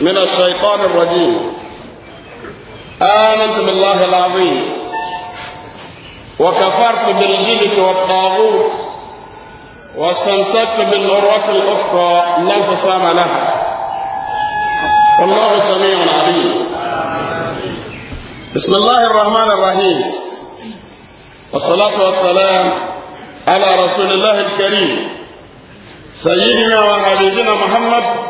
من الشيطان الرجيم آمنت بالله العظيم وكفرت بالجبت والطاغوت واستمسكت بالعروة الأخرى لا انفصام لها والله سميع عليم بسم الله الرحمن الرحيم والصلاة والسلام على رسول الله الكريم سيدنا وحبيبنا محمد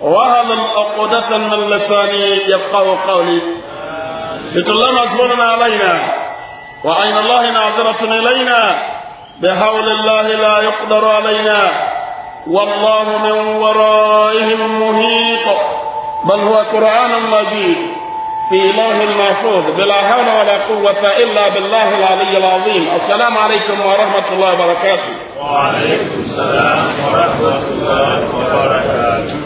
وهل الأقدس من لساني يفقه قولي ست الله مزمون علينا وعين الله ناظرة إلينا بحول الله لا يقدر علينا والله من ورائهم مهيط بل هو قرآن مجيد في لوح المحفوظ بلا حول ولا قوة إلا بالله العلي العظيم السلام عليكم ورحمة الله وبركاته وعليكم السلام ورحمة الله وبركاته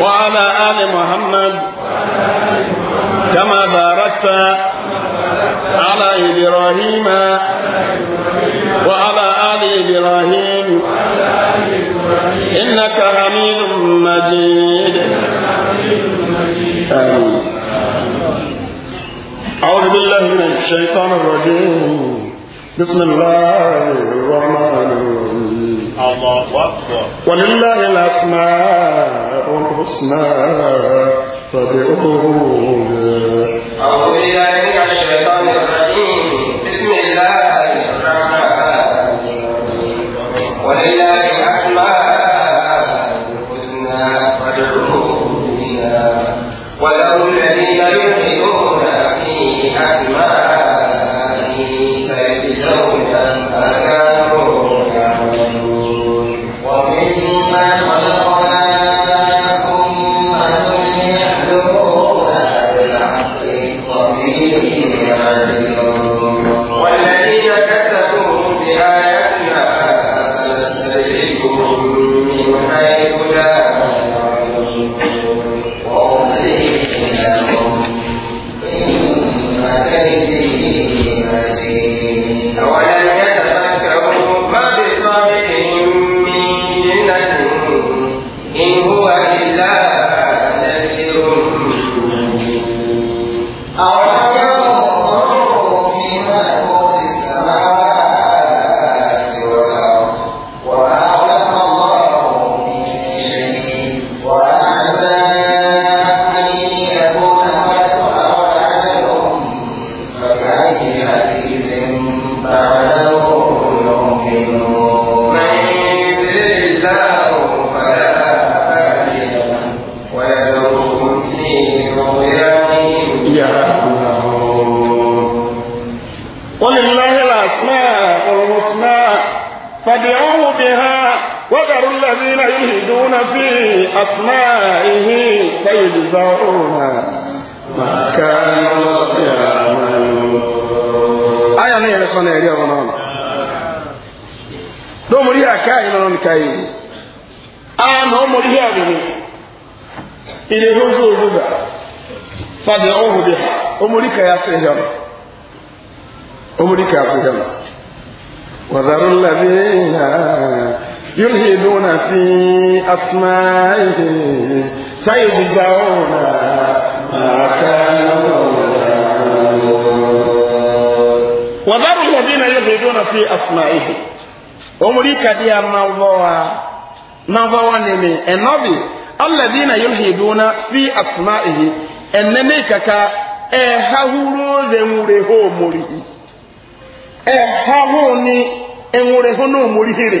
وعلى آل محمد كما باركت على إبراهيم وعلى آل إبراهيم إنك حميد مجيد آمين أعوذ بالله من الشيطان الرجيم بسم الله الرحمن الرحيم الله أكبر ولله الأسماء الحسنى فبعوده أعوذ بالله من الشيطان الرجيم يجاهدون في أسمائه سيجزون ما كانوا يعملون آية نيرة صنع يا ونانا لو مريا كاي نون كاي أنا مريا بني إلى هو هو فادعوه بها أمريكا يا سيدنا أمريكا يا سيدنا وذروا الذين يلهدون في أسمائه سيجزعون ما كانوا وذروا الذين يلهدون في أسمائه أمريكا دي النظوة نظوة نمي النبي الذين يلهدون في أسمائه أنني كا أههرو ذمره مريه أههوني أمره نمره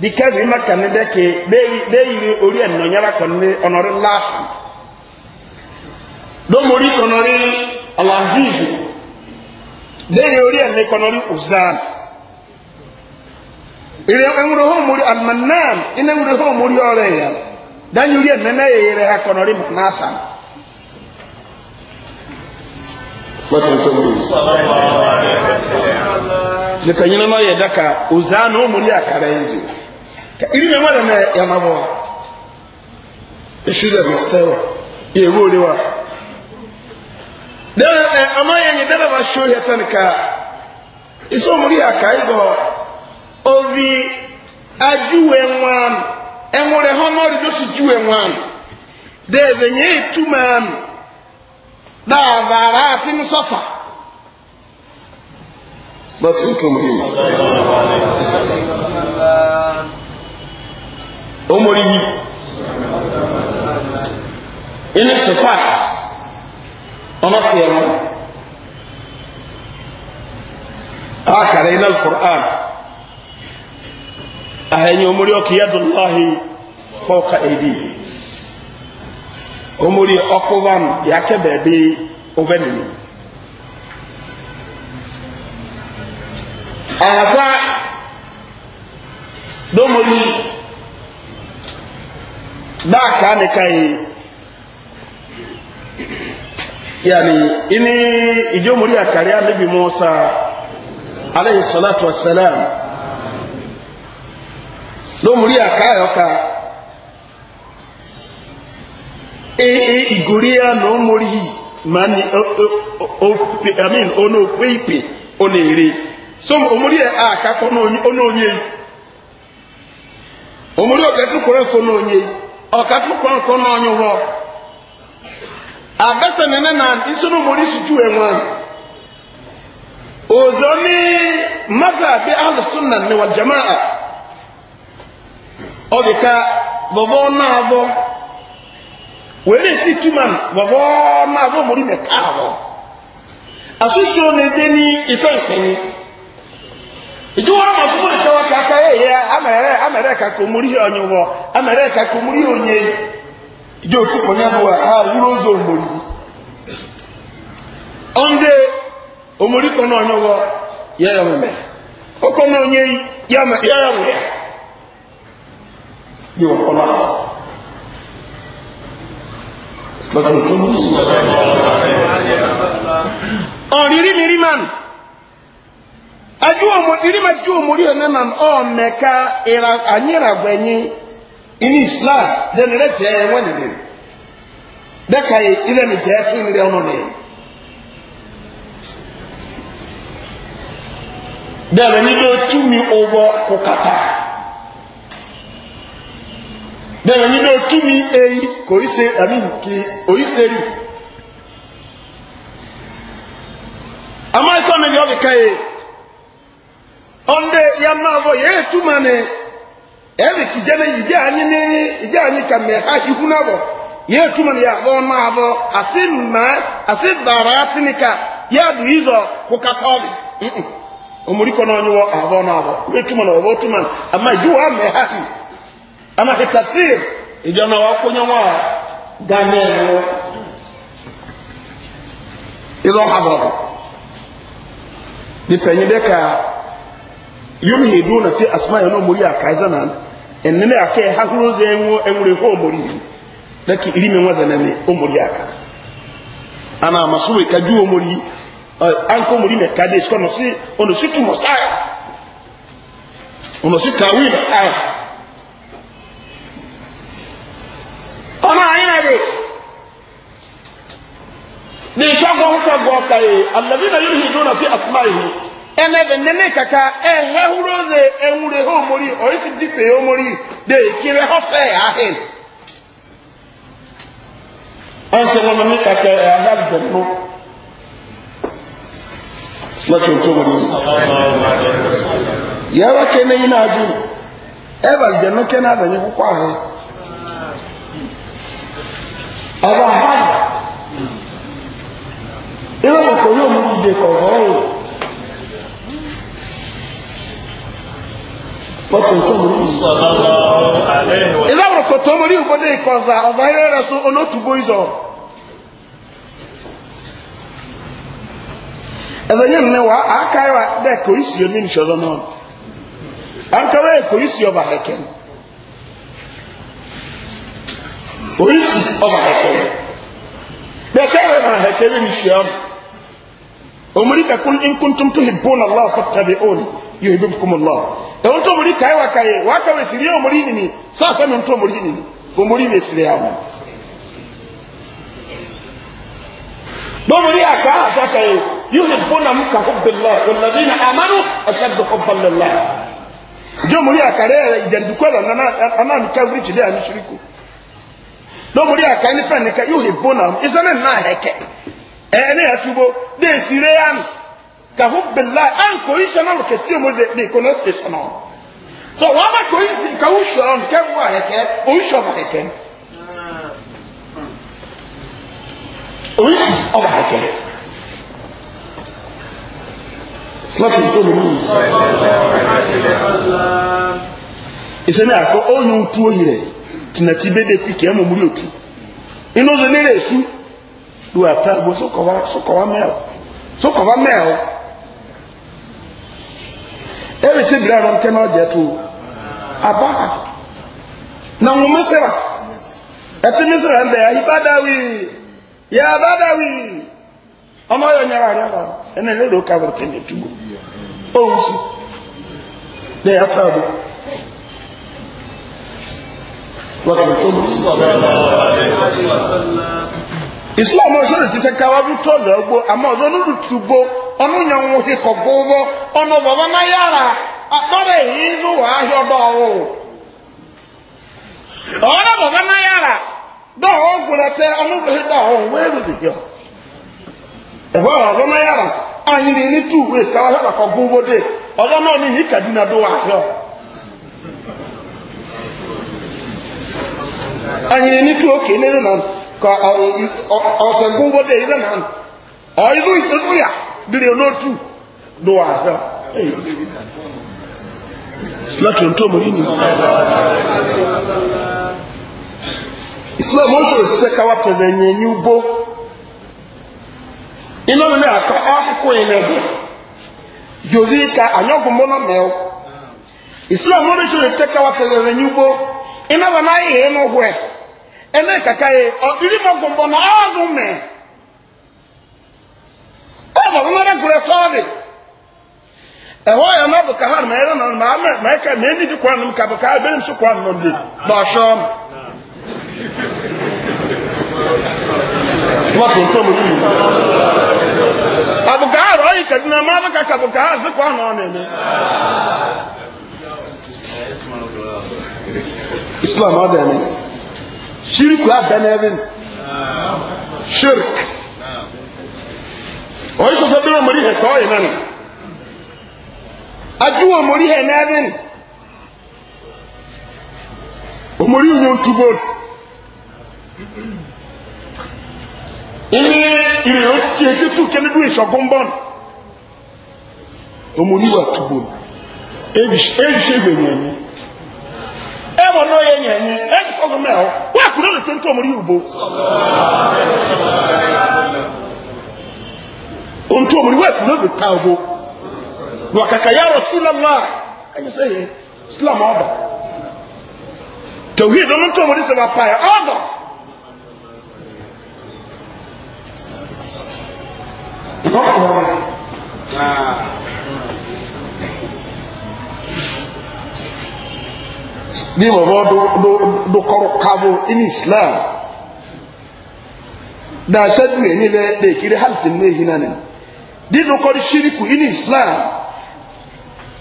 because ima kane de ke de yiri ori ẹnu nyara kọni ọnọri laafa domori kọnọri alazizi de yiri ori ẹnu kọnọri uzan ire enwere hɔ mori almanan ina enwere hɔ mori ɔrɛ ya dan yiri ẹnu na yɛ yɛrɛ ha kɔnɔri manasa. ne ka ɲinama yɛ daka uzan o mori akara yi zi iri mẹ́mọ́ rẹ̀ mẹ́ yamabọ́ esi rẹ̀ mẹ́sítẹ́wọ̀ yẹ̀wò rẹ̀ wa dẹ́rẹ́ ẹ amáyẹ̀yẹ dẹ́rẹ́ bá ṣó yẹ tán ká esi omori àká ibọ̀ ovi adúwẹ̀ wọn ẹ̀wọ̀rẹ̀ họ́nọ́rì ló sì júwẹ̀ wọn dẹ́rẹ́ yẹ ìtumọ̀ dáàbàrà àti nsọ́fà lọ́sí ìtumọ̀ yìí. omori yi ɛne sifat ɔno seɛ no akaraina alquran ahɛnyɛ omori ɔke yadullahi fauka aidi omori ɔkovan yɛakɛ baabi ovɛnini ahasa domori dark nika kai yani ini iji muri akari ane bi musa alayhi salatu wassalam lo muri akari oka e e igori ya o o i mean ono pepe ono ere so omuri aka ko no onye omuri o ke tu onye ọ̀kakùnkùn kọ́ náà ọ̀nyọ́ wọ́ na na ìsúnú mọ̀rí sùtú ẹ̀wọ̀n òzò ní mọ́fà bí alùsùnà ní wà jamaà ọ̀dìka bọ̀bọ̀ náà bọ̀ wẹ́rẹ́ sí túmọ̀n bọ̀bọ̀ náà bọ̀ mọ̀rí mẹ́ta àwọ̀ àṣùṣù na dé ní ife ìfẹ́ ìjọba ọmọ fún mi aka ya ẹyẹ amẹrẹ amẹrẹ kàkà omori ọnyẹ wọ amẹrẹ kàkà omori ọnyẹ ìjọ òtún onye nyẹ wọ a wúlò ń zọ omori ọ̀ndé omori kọ náà ọnyẹ wọ yẹ yọ ya ọkọ náà ọnyẹ yẹ ya ajuomu irima juomu liyo nenan omeka ira anyira gwenyi ini islam then lete wenyi bin deka ye ile mi jetu ni leo noni ni do tumi owo kokata dere ni do tumi eyi ko ise ki ɔnde yamavɔ yɛtuma ne ɛbi kidze ne yidze anyi ne yidze anyi kame ha ihunavɔ yɛtuma ne yavɔ navɔ asi mɛ asi bara tinika yadu izɔ kokatɔbi nn omori kɔnɔ ɔnyi wɔ avɔ navɔ yɛtuma ne ɔvɔ tuma ne ama iduwa mɛ ha yi ama hitasir ìjọ náà wá kó nyɔnwó a gánà ẹ̀ wọ ìlọ habọ̀ nípa ẹ̀yin bẹ́ẹ̀ ká. yumhiduna fi asma'i no muri akaiza nan enne ake hakuru zenwo enwure ho muri daki ilime mwaza na me omuri aka ana masuri kaju omuri eh, anko muri me kade sko no si ono si tu mosaya ono si kawi mosaya ona ayina de ni shogo ko go kai alladhina yulhiduna fi asma'ihi Enebe bɛ kaka ɛhɛ huro de ɛwure mori ɔyisi dipe hɔ mori de kiri hɔ fɛ ahen ɛnso wɔn nene kaka ɛhɛ abidjanmu lọtọ ntọmọdé yàrá kẹne yìí náà dùn ɛbà abidjanmu kẹne abẹnyẹ kọkọ ahẹ ɛbà ha ɛbà kọkọ yóò mú ìdè kọkọ ìzáwọ̀ kò tó mọ̀rí ìbọdé ìkọ̀ọ̀zà ọ̀zà ayé rẹ̀ so onótùbó ìzọ̀ ẹ̀fẹ̀yẹ́ nínú wa àákáyọ̀ dẹ̀ kò í sí omi nìṣọ́dọ̀ náà àákáyọ̀ dẹ̀ kò í sí ọba kẹ̀kẹ́ kò í sí ọba kẹ̀kẹ́ bẹ̀kẹ́ rẹ̀ náà kẹ̀kẹ́ rẹ̀ nìṣọ́ ọmọdé kẹkún nkúntúntún ìbọn aláwọ̀ kọ́ tẹ̀lé òní yuhibbukumullah ẹ̀wọ́n tó mori kàyé wa kàyé wàá kàwé sìrí ẹ̀ mori nìní sáfẹ́ mi tó mori nìní kò mori nìní sìrí àwọn. bọ́mọdé àká àtàkàyé yuhibbunahum ka hubbillah walladhina amanu ashaddu hubban lillah jọmọdé àkàrẹ́ ìjẹ̀dùkú ẹ̀rọ anáàmì káwé tìlẹ̀ àmì ṣíríkù lọ́mọdé àkàrẹ́ nípa nìkan yuhibbunahum ìsẹ́lẹ̀ náà hẹ̀kẹ́ ẹ̀ ẹ̀ ní ẹ̀ túbọ̀ dé ìsirẹ́ yánu kaho bela unconditional kɛse mu de de kono station ɔ so wɔn ama kò isi kaho sɔrɔ nkɛ mu ahɛkɛ oyi sɔ ɔba hɛkɛ oyi si ɔba hɛkɛ lọ́tù tó lù mí. ìsẹ́ni àkọ́ ọ̀yọ́ otu oyi rẹ̀ tìǹtì bẹ́ẹ̀ dẹ́ pìkì ẹ̀ mọ̀ múlò tu inú ọ̀sẹ̀ nílẹ̀ èṣù lu àtàgbò sọkọ̀wá mẹ́ọ̀ sọkọ̀wá mẹ́ọ̀. ebi ti biri arọ nke n'ọjà tó aba na wọn misira ẹti misira ń bẹ ya ibadawi ya badawi ọmọ yọ nyara ari aba ẹna ẹni lọ kaba tẹ ní ẹtúgbò ọwọ si ní ẹ afa do wọ́n islam ọ̀ṣọ́ ti fẹ́ káwá bí tọ́lù àmọ́ ọ̀dọ́ nínú ọnụ nyanwụ hi kọgụ ụgwọ ọnụ baba na yara akpọrọ ehi ịzụ wọ ahịa dọọwụ ọnụ baba na yara dọọ gwụrata ọnụ bụghị dọọ wee ruru ya ẹ̀fọ́ ọ̀rọ̀ na yara anyị na enye tu wee sika ahịa kọgụ ụgwọ dị ọzọ náà n'ihi kaduna dụ ahịa anyị na enye tu oke n'ebe na ka ọsọ ụgwọ dị ebe na ọ ịzụ ya dìrì onótù ló wà àfẹ́ láti ohun tó mọ̀ yìí nìyí islam ó sọ̀rọ̀ sí káwà tẹ̀lẹ̀ yẹn ní ugbó iná nílé àkà ákùkù ilẹ̀ bẹ̀ yòrí ka àyọ̀gùn mọ́nà mẹ́ọ́ islam ó sọ̀rọ̀ sí káwà tẹ̀lẹ̀ yẹn ní ugbó iná wọn náà yẹ̀ ẹ́ nù hù ẹ̀ ẹ̀ náà ọmọ ọmọ náà gúrẹ fọ́ọ̀dì ẹ̀họ́ yẹn náà bùkà hàn mẹ́rin náà màá mẹ́ka mẹ́ni di kwan nínú kàbùkà abẹ́rẹ́ nsú kwan nínú bi lọ́ọ̀ṣọ́ mi. wọ́n tó ń tó mu yìí. àbùkà hàn ọ̀yìn kàdínà máa bùkà kàbùkà hàn sí kwan náà nìyẹn. islam ọ̀dẹ̀ ni shirikù abẹ́nẹ́rin oyi soso bi omori hɛ kɔɔ yi nani adu omori hɛ n'ɛdini omori nyo ntubo ini iri o tie e tutu kene du isogun e bɔn omori wa tubo ebi e se gbe nyɛni ɛwɔ n'oye nyɛni ɛbi sɔgbɔn mɛ o wa kuro le tonto omori yi o bo ontu omuri wetu n'obi taabo wakaka ya rasulallah anyị sị ya islam ọba tawhid ọnụ ntụ omuri sịrị apa ya ọba ní ìmọ̀bọ́ dókọrọ kábò in islam dáa sẹ́dúwẹ̀ nílẹ̀ lè kiri halittin ní èyí náà nìyà dino kɔri shiriku ini islam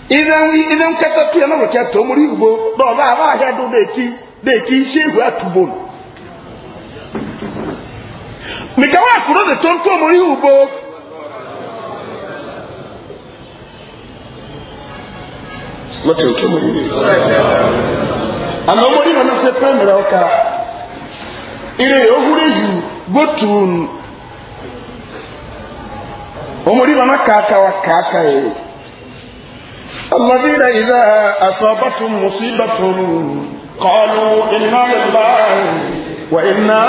idan nketa kata tu yana rokia to muri ugbo do ba ba ha do de ki de ki shehu atubon mi ka wa kuro de ton to muri ugbo mate to muri ama muri na se pemra oka ile ohuru ju gotun ومري لنا كاكا وكاكا الذين إذا أصابتهم مصيبة قالوا إنا لله وإنا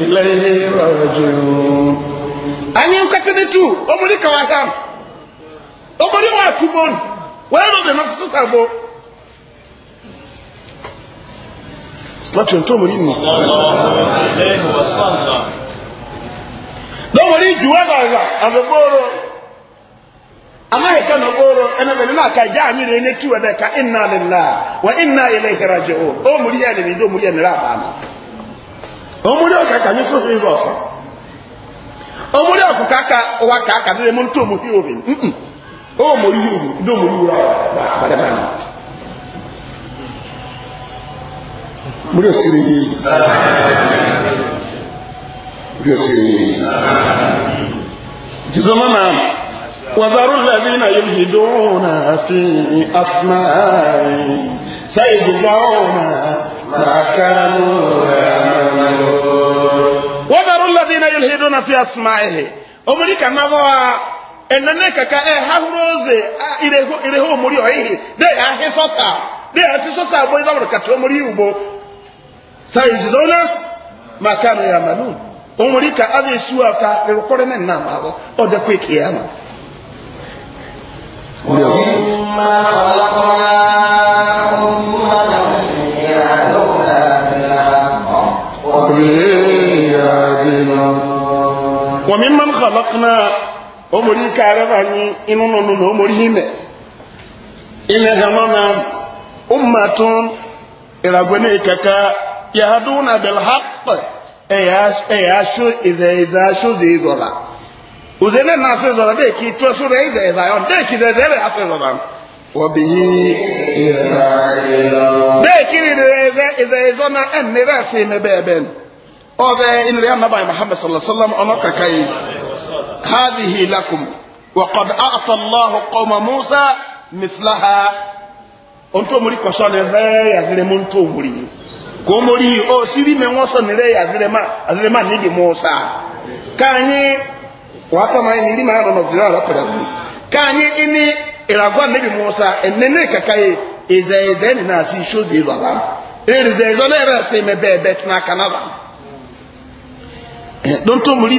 إليه راجعون أني أكتني تو أمريكا كواهام أمري واتوبون وين أبي ما تسوتابو صلاة ينتم مريم صلى الله عليه وسلم lọ́wọ́rí jù wá bàbà àbẹ̀bọ́rọ̀ amáyíká nà bọ́rọ̀ ẹnẹ́bẹ̀ni náà ká ìjà àmì rẹ̀ ní tú ẹ̀bẹ̀ ká iná lélá wà iná ilẹ̀ ìkẹrẹ jẹ o ó múlí ẹ̀ nìyí ó múlí ẹ̀ nìyí àbámu ọmúlí ọ̀kà kà ní sọ́sọ́ ìzọ ọ̀sán ọmúlí ọ̀kù káka wà káka ní ẹmú tó mú híhòhì ó múlí òsì يسير جزمنا وذروا الذين يلهدون في أسمائي سيجزون ما كانوا يعملون وذروا الذين يلهدون في أسمائه أمريكا نظرة ẹnana kaka ẹ e hahoro ze ireho omori ọyihi de ahe sọsa de ati sọsa abo ibaburu kati omori iwubo sayi jizona maka no ya manu owereke aga esi aka rịkra abụke ya ai mmanụ ka aomerke rị nyụ ụụ ye ha a tụea ayahadu na a ايش ايش اذا اذا شو ذي ذولا وذين الناس ذولا ديك يتوسو بي اذا اذا يون ديك اذا ذي بي اصير ذولا وبه ديك اذا اذا اذا اذا ما ام راسي مبابن او ان ريان نبع محمد صلى الله عليه وسلم انك كي هذه لكم وقد اعطى الله قوم موسى مثلها انتم مريكو شان هيا غير منتم ko mori o siri me won so nire ya nire ma nire ma ni di musa kanyi wa fa ma ni ma no no dira la pere kanyi ini iragwa ni di musa enene kakaye eze eze ni na si shozi izala eze eze na era se me be be tuna kanava eh, don to mori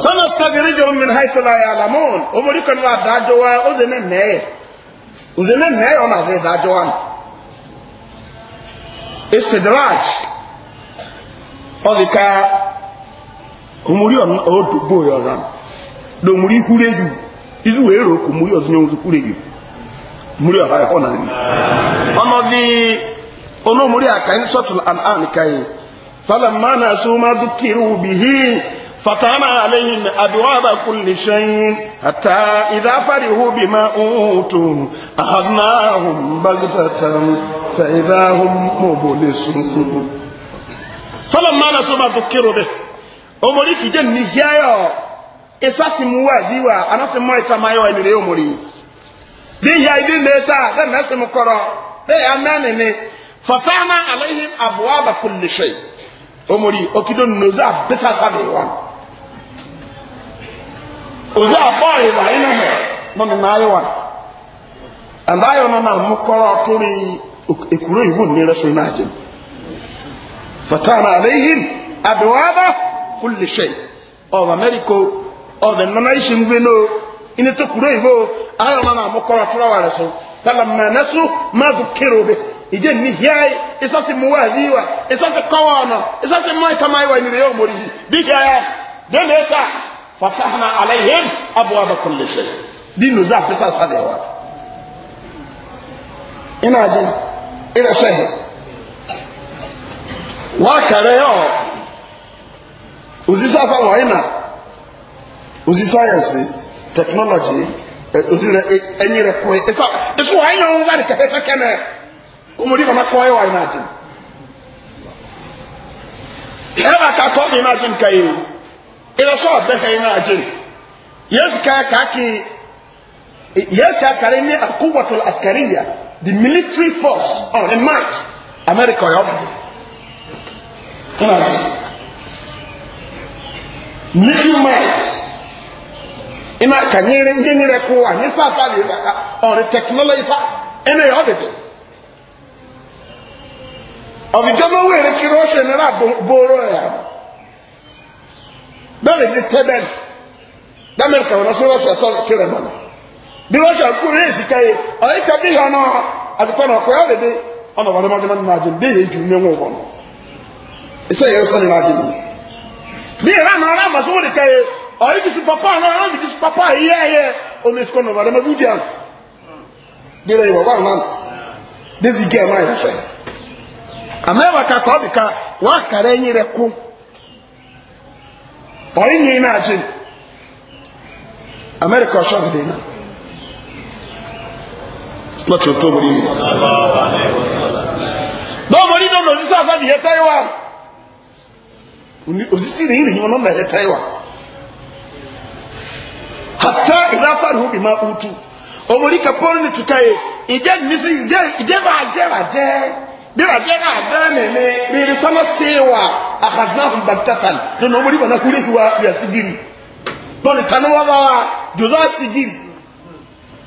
sanastadirijuhum min haithu la ya'lamun omori kan wa dajo wa ozene neye ozene neye ona ze dajo wa istidraj o omori on odu boyo ran do omori kureju izu we ro ko omori ozene ozu kureju omori ha ya e ona ni ono di ono omori aka ni sotul an'an kai falamma nasu ma dhukiru bihi فتحنا عليهم أبواب كل شيء حتى إذا فرحوا بما أوتوا أخذناهم بغتة فإذا هم مبلسون فلما نسوا ما ذكروا به أمريك جن نجايا إساسي موازيوا أنا سموا إتمايوا إن ليو مري دي هاي دي نتا دي نسي مكرا دي أمانني فتحنا عليهم أبواب كل شيء أمري أكيدون نزا بسا سبيوان òdi àbọ̀ ìwà iná hẹ̀ mọ́nà náà na wà àbá yọ náà náà mú kọ́rọ́ torí èkúrò ìwò nira sọ náà jẹ fatana aleyhin abiwaba kulli shay ọba mẹ́ríkò ọba nana iṣẹ́ nbẹ náà iná tó kúrò ìwò ayọ náà náà mú kọ́rọ́ torí wà rẹ sọ tala mẹ́nà sọ má dùn kéré obì ìdí ni hiai isasi muwazi wa isasi kọ́wọ́ ọ̀nà isasi mọ́ ìkàmáyé wa ìnira yóò mọ̀ rí yìí bí hiai dẹ́nu ẹ̀ fatahna alaihim abwaaba kulli shay dinu za pesa sadewa ina je ina shehe wa kare yo uzisa fa wa ina uzi science technology uzi re enyi re ko esa eso wa ina wa ka ka kana kumuri kama ko wa ina je Ewa kakọ ni na jin kayi ìrẹsọ ọbẹka yìí náà jẹun yẹsi ká kàákì yẹsi ká kàrí ní akúwàtò askariya the military force or the might america ọyọ ọdún military might ina kanyere ndị nyere kwụwa anyị sasa dị ọrụ teknọlọji sa ene ya ọdịdị ọbịjọba were kiri oche nara boro ya bẹ́ẹ̀ ni tẹ́bẹ̀ dẹ́mẹ̀rì kàwọn ọ̀sán rọ́ṣà sọ kéré mọ́nà bí rọ́ṣà kú rí èsì káyé ọ̀yẹ́ tẹ́ bí yọ náà àtìpẹ́ náà kọ́yọ́ lè dé ọ̀nà wà lọ́mọdé mọ́nà náà jẹun déyìí ju ní wọn bọ̀nà iṣẹ́ yẹn sọ́ni náà jẹun bí ìran náà rà màsúwò lè káyé ọ̀yẹ́ bísí pápá náà rà bísí pápá yíyá yẹ ọ̀nà èsì kọ́nà wà lọ́mọdé dúdìá dèrè ìwọ̀ wà náà dézì gẹ́ẹ̀ máa yẹ fẹ́ àmẹ́wàá kakọ́ bìkà wà á kàrẹ́ ẹ̀yìn rẹ̀ kún ọ̀rí ní iná àti amẹ́ríkà ọ̀ṣọ́gbì dé iná láti ọ̀tọ́ mọ̀rí ní lọ́wọ́ ní lọ́nà òsìsí àsáàdì yẹ ihe òsìsí ní ìrìn ọ̀nà mẹ́rẹ̀ taiwa hàtà ìlàfàrí òbí máa kú tu ọmọ orí kàpọ́ọ̀rì ní tùkàyè bíra bí ẹ̀ka àdáni ni rírì sọ́nà síwà àkàdúnáhùn bàtàtàn tó nà ọmọdé bàtà kúrè ìwà bí àsìgìrì lọ́nà kanáwá bá wa jòzó àsìgìrì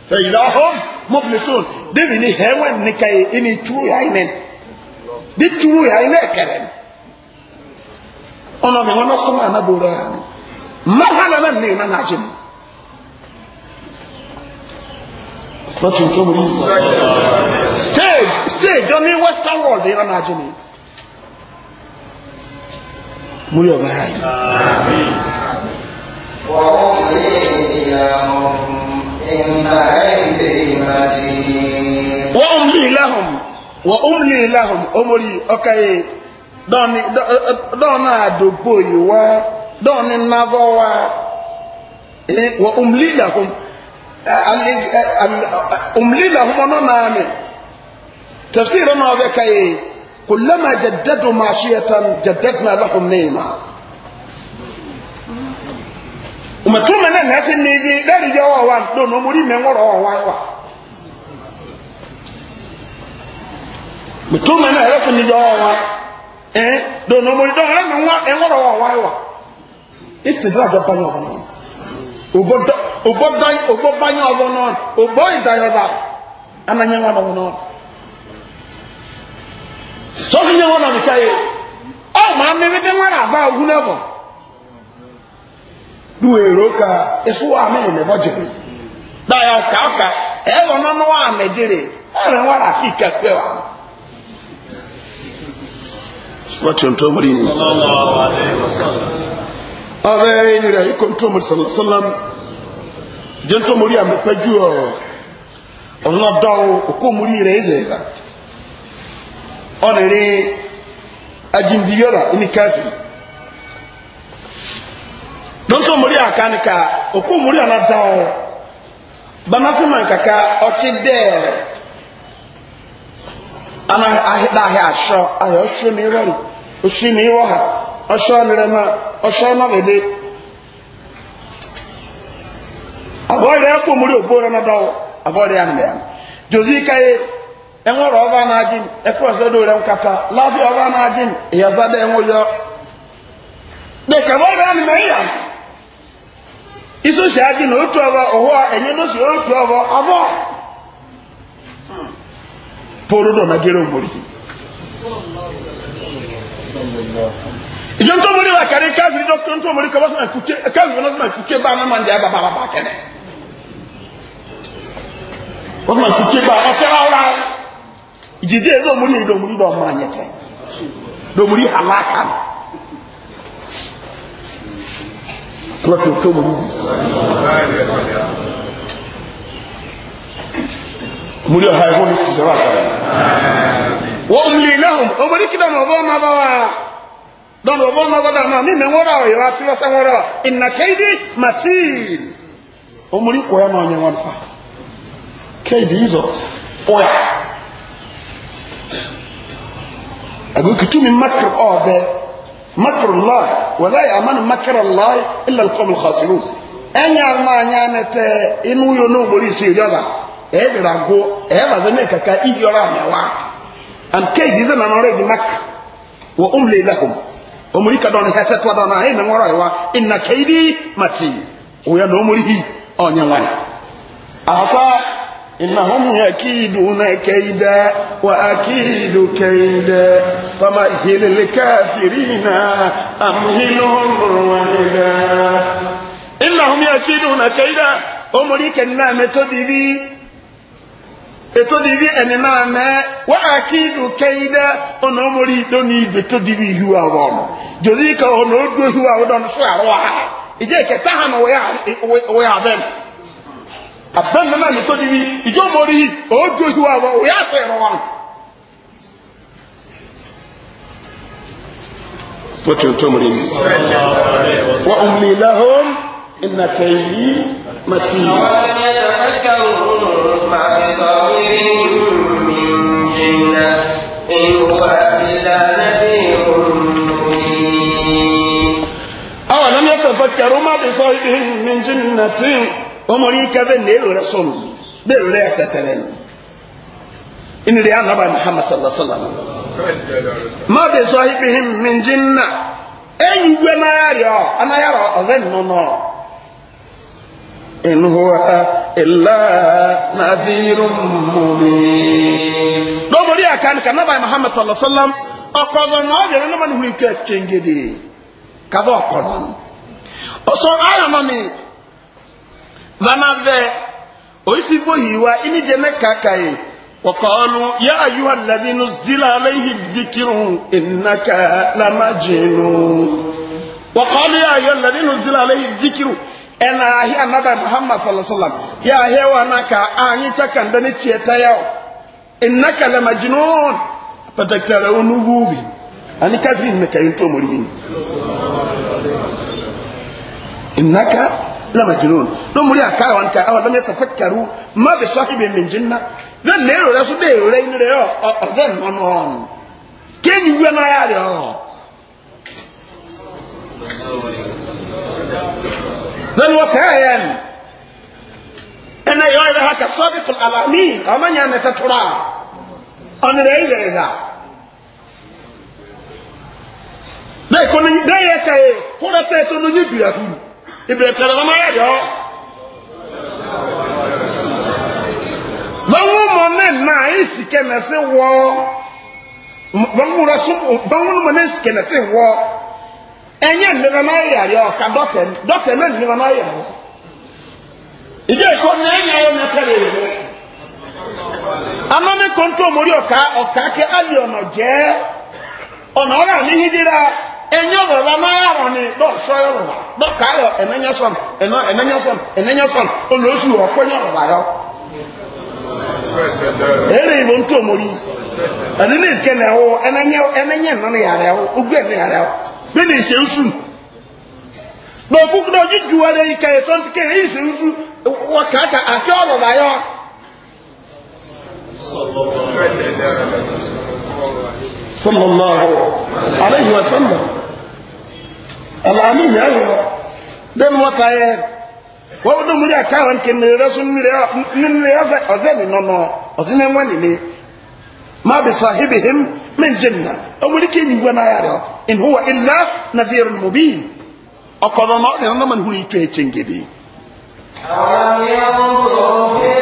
fẹ̀yìlá ọ̀hún mọ́bìlẹ́sọ̀n débi ni hẹ́wẹ̀ nìka yìí ẹni túrú yà ẹ̀nẹ́ bí túrú yà ẹ̀nẹ́ kẹrẹ ọ̀nà mi wọn sọ́mọ́ ànábòrò yà ni mọ́hánà náà nìyẹn náà nàájẹ́ mi. lọ́tún tó mú ìjọ ní western world ọ na àjò ní múrí ọ̀gá ara wọ́n ń lè láhùn wọ́n ń lè láhùn omori ọkà yìí dọ́ọ̀nà àdògbò yìí wá dọ́ọ̀nà náfọ́ tafsir ma bɛ ka ye kullama jaddadu ma'asiyatan jaddadna lahum ni'ma uma tuma na nasi nivi dari jo wa wan do no muri mengoro wa wa wa mutuma na rafu ni jo wa eh do no muri do ra ngwa engoro wa wa wa istidraj ba yo no ubodo ubodo ubobanyo obono uboy dayoba ananya wa no no sọ́sí ní wọ́n nàbìkà yìí ọ máa ní wípé wọ́n ka efu àmì ìmẹ̀bọ̀ jù dáyà ọ̀kà ọ̀kà ẹ̀wọ̀ nánú àmì dìrì ẹ̀rẹ̀ wọ́n rà kí wọ́n ti ń tó mú rí i. ọ̀rẹ́ ẹni rẹ̀ ikọ̀ ń tó Ọ ajindiyọ́nà ní káfí dọ́ntọ́ mọ̀rí àká ní ká oku mọ̀rí àná dá ọ banásímọ̀ kàkà ọtí ana ahịa ọsọ na ịrọrị ọsọ na ịwọ ha ọsọ nrema ọsọ nọgide abụọ ịrị ekwu mụrụ ogbo na dọwụ abụọ na ya jozi e ɛnwɔ rɔ ɔba n'agyin ɛkura sɛ do rɛm kata laafi ɔba n'agyin ɛyasa dɛ ɛnwɔ yɔ deka wɔn bɛ anima eya iso hyɛ agyin otu ɔbɔ ɔhɔ a ɛnyɛ no si otu ɔbɔ abɔ poro do ɔnagere omori ìjọ ń tó mú ní wa kẹrin káfíìn dọkítọ ń tó mú ní kọ bọ́sùn àkùtì káfíìn bọ́sùn àkùtì bá ọmọ màndé ẹ bàbá bàbá kẹlẹ bọ́sùn àkùtì bá ọtí ọlọ́wọ́ ìjìdí èdè òmúrí èdè òmúrí dọ̀ ọmọ àyẹ̀tẹ̀ lòmúrí àlákà lọ́tọ̀ tó mú múrí ọ̀há ẹgbọ́n ní ṣìṣẹ́rọ̀ àgbàrá wọ́n lè lẹ́hùn ọmọdé kí dọ̀nà ọgbọ́n máa bá wa dọ̀nà ọgbọ́n máa bá dọ̀nà mí mẹ́wọ́rọ̀ ọ̀yọ́ àti rọ́sẹ́wọ́rọ̀ ìnàkẹ́yìdì matin ọmọdé kọ́ ẹ̀ náà ọ̀yẹ́ fa kéèdì ìzọ̀ ọ̀yà أقولكتومي مكر أوبا مكر الله ولا يأمن مكر الله إلا القوم الخاسرون أنا ما نانت إنو ينو مريسي يوزا أبي رانكو أبا ذنك كا إيجورا نوا أن كي جيزن أنا مكر وأملي لكم أمريكا دون هاتتوا دون هين نورا يوا إن كيدي متي ويا نومري أو نيوان أفا إنهم يكيدون كيدا وأكيد كيدا فمهل الكافرين أمهلهم رويدا إنهم يكيدون كيدا أمريكا نعمة تدري etodiri ẹninaamẹ wa akidu keida ọna ọmọri dọni etodiri ihu awọ ọmọ jodika ọna odu ihu awọ dọni so arọ ha ìjẹ ìkẹta ha wọ ya abẹ mu abẹ́ni náà ní tóbi ní ìjọ mọ́rí yìí àwọn òyà àṣẹ ìrọ̀ wa. wọ́n tún tó mọ̀rí yìí. wọ́n ń mi lahom iná kẹ́yì mati. أولم يكن فكروا ما بصيد من جنة omori ikebe na ero resolu na ero re tetere ni ini re anaba muhammad sallallahu alaihi wasallam ma be sahibihim min jinna enyi we na yaro ana yaro oven no no in huwa illa nadhirun mubin domori akan kanaba muhammad sallallahu alaihi wasallam okodo no yaro no man huri tete kengede kaba okodo so ayo mami vanavɛ oisibo yiwa ini jɛnɛ kakaye وقالوا يا أيها الذي نزل عليه الذكر إنك لمجنون وقالوا يا أيها الذي نزل عليه الذكر أنا أهي النبي محمد صلى الله عليه وسلم يا أهي وأناك أعني تكن دني تيتايو إنك لمجنون فتكتلونه بي أنا كافرين مكاين تومرين إنك lamajinun don muri a kara wani kai awa lam yatafakkaru ma bi sahibi min jinna dan ne ro rasu de ro ni re o o zan non on ken yu na ya de o dan wa kayan ana yo da haka sabiqul alamin amanya ne ta tura on re re da dai ko ni dai ya kai ko da ta to no ni biya duru ìbẹ̀rẹ̀ tẹ̀lé ọmọ rẹ̀ yọ. báwọn mọ náà náà ẹ̀ sì kẹ́nà sí wọ́ báwọn mọ náà sì kẹ́nà sí wọ́ ẹ̀yẹ́ nìkan náà yà yọ ọ̀ka dọ́tẹ̀ dọ́tẹ̀ náà nìkan náà yà yọ. ìjọ ìkọ́ ní ẹ̀yìn ayọ́ ní ẹ̀ka rẹ̀ rẹ̀. amami kọ́ńtò mórí ọ̀ka ọ̀ka kẹ́ alì ọ̀nà jẹ́ ọ̀nà ọ̀rọ̀ àmì hídírà enyo rọra n'aya rọ ni dọọsọ yọ rọra dọka yọ ẹnẹnyẹ sọn ẹnọ ẹnẹnyẹ sọn ẹnẹnyẹ sọn ọnà oṣù ọkọ yọ rọra yọ. èrè ìbò ń tó mori ẹni ní ìsìkẹ náà ẹwọ ẹnẹnyẹ ẹnẹnyẹ nọ ní yàrá ẹwọ ogú ẹni yàrá ẹwọ bí ní ìṣe nsú. n'òkúkú náà ojú ju wọlé yìí kẹyẹ tó ń ti kẹyẹ ìṣe nsú wọ kàkà àti ọrọra alaami mi ayɔ dɛm wata yɛ wɔn do mu de aka wɔn ke nnere rɛ so nnere ɔzɛ ɔzɛ mi nɔnɔ ɔzɛ mi nwa nini ma bi sa hibi him mi ngye nna ɔmo de ke nyiwa na ayare ɔ nhuwa illa na viiru mu bi ɔkɔlɔ na ɔde nana ma ne ho yi twa ekyengede. Àwọn yẹn ń lọ sí.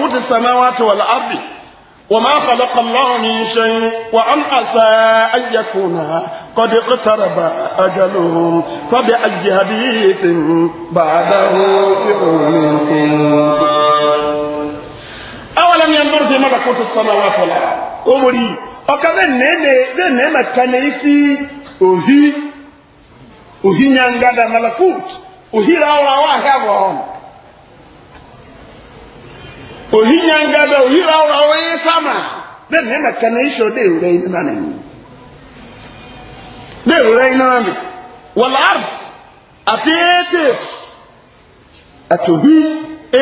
ملكوت السماوات والأرض وما خلق الله من شيء وأن عسى أن يكون قد اقترب أجلهم فبأي حديث بعده يؤمنون أولم ينظر في ملكوت السماوات والأرض أمري أكذا نعمة كان يسي أهي أهي نعمة ملكوت أهي راورا واحد ohi nyangada ohi rawra oyi sama bẹẹ ní ẹnna kẹne iṣẹ ọdẹ ìrora yìí nínú àná yìí bẹẹ ìrora yìí nínú àná wọlá àti etes àtòhí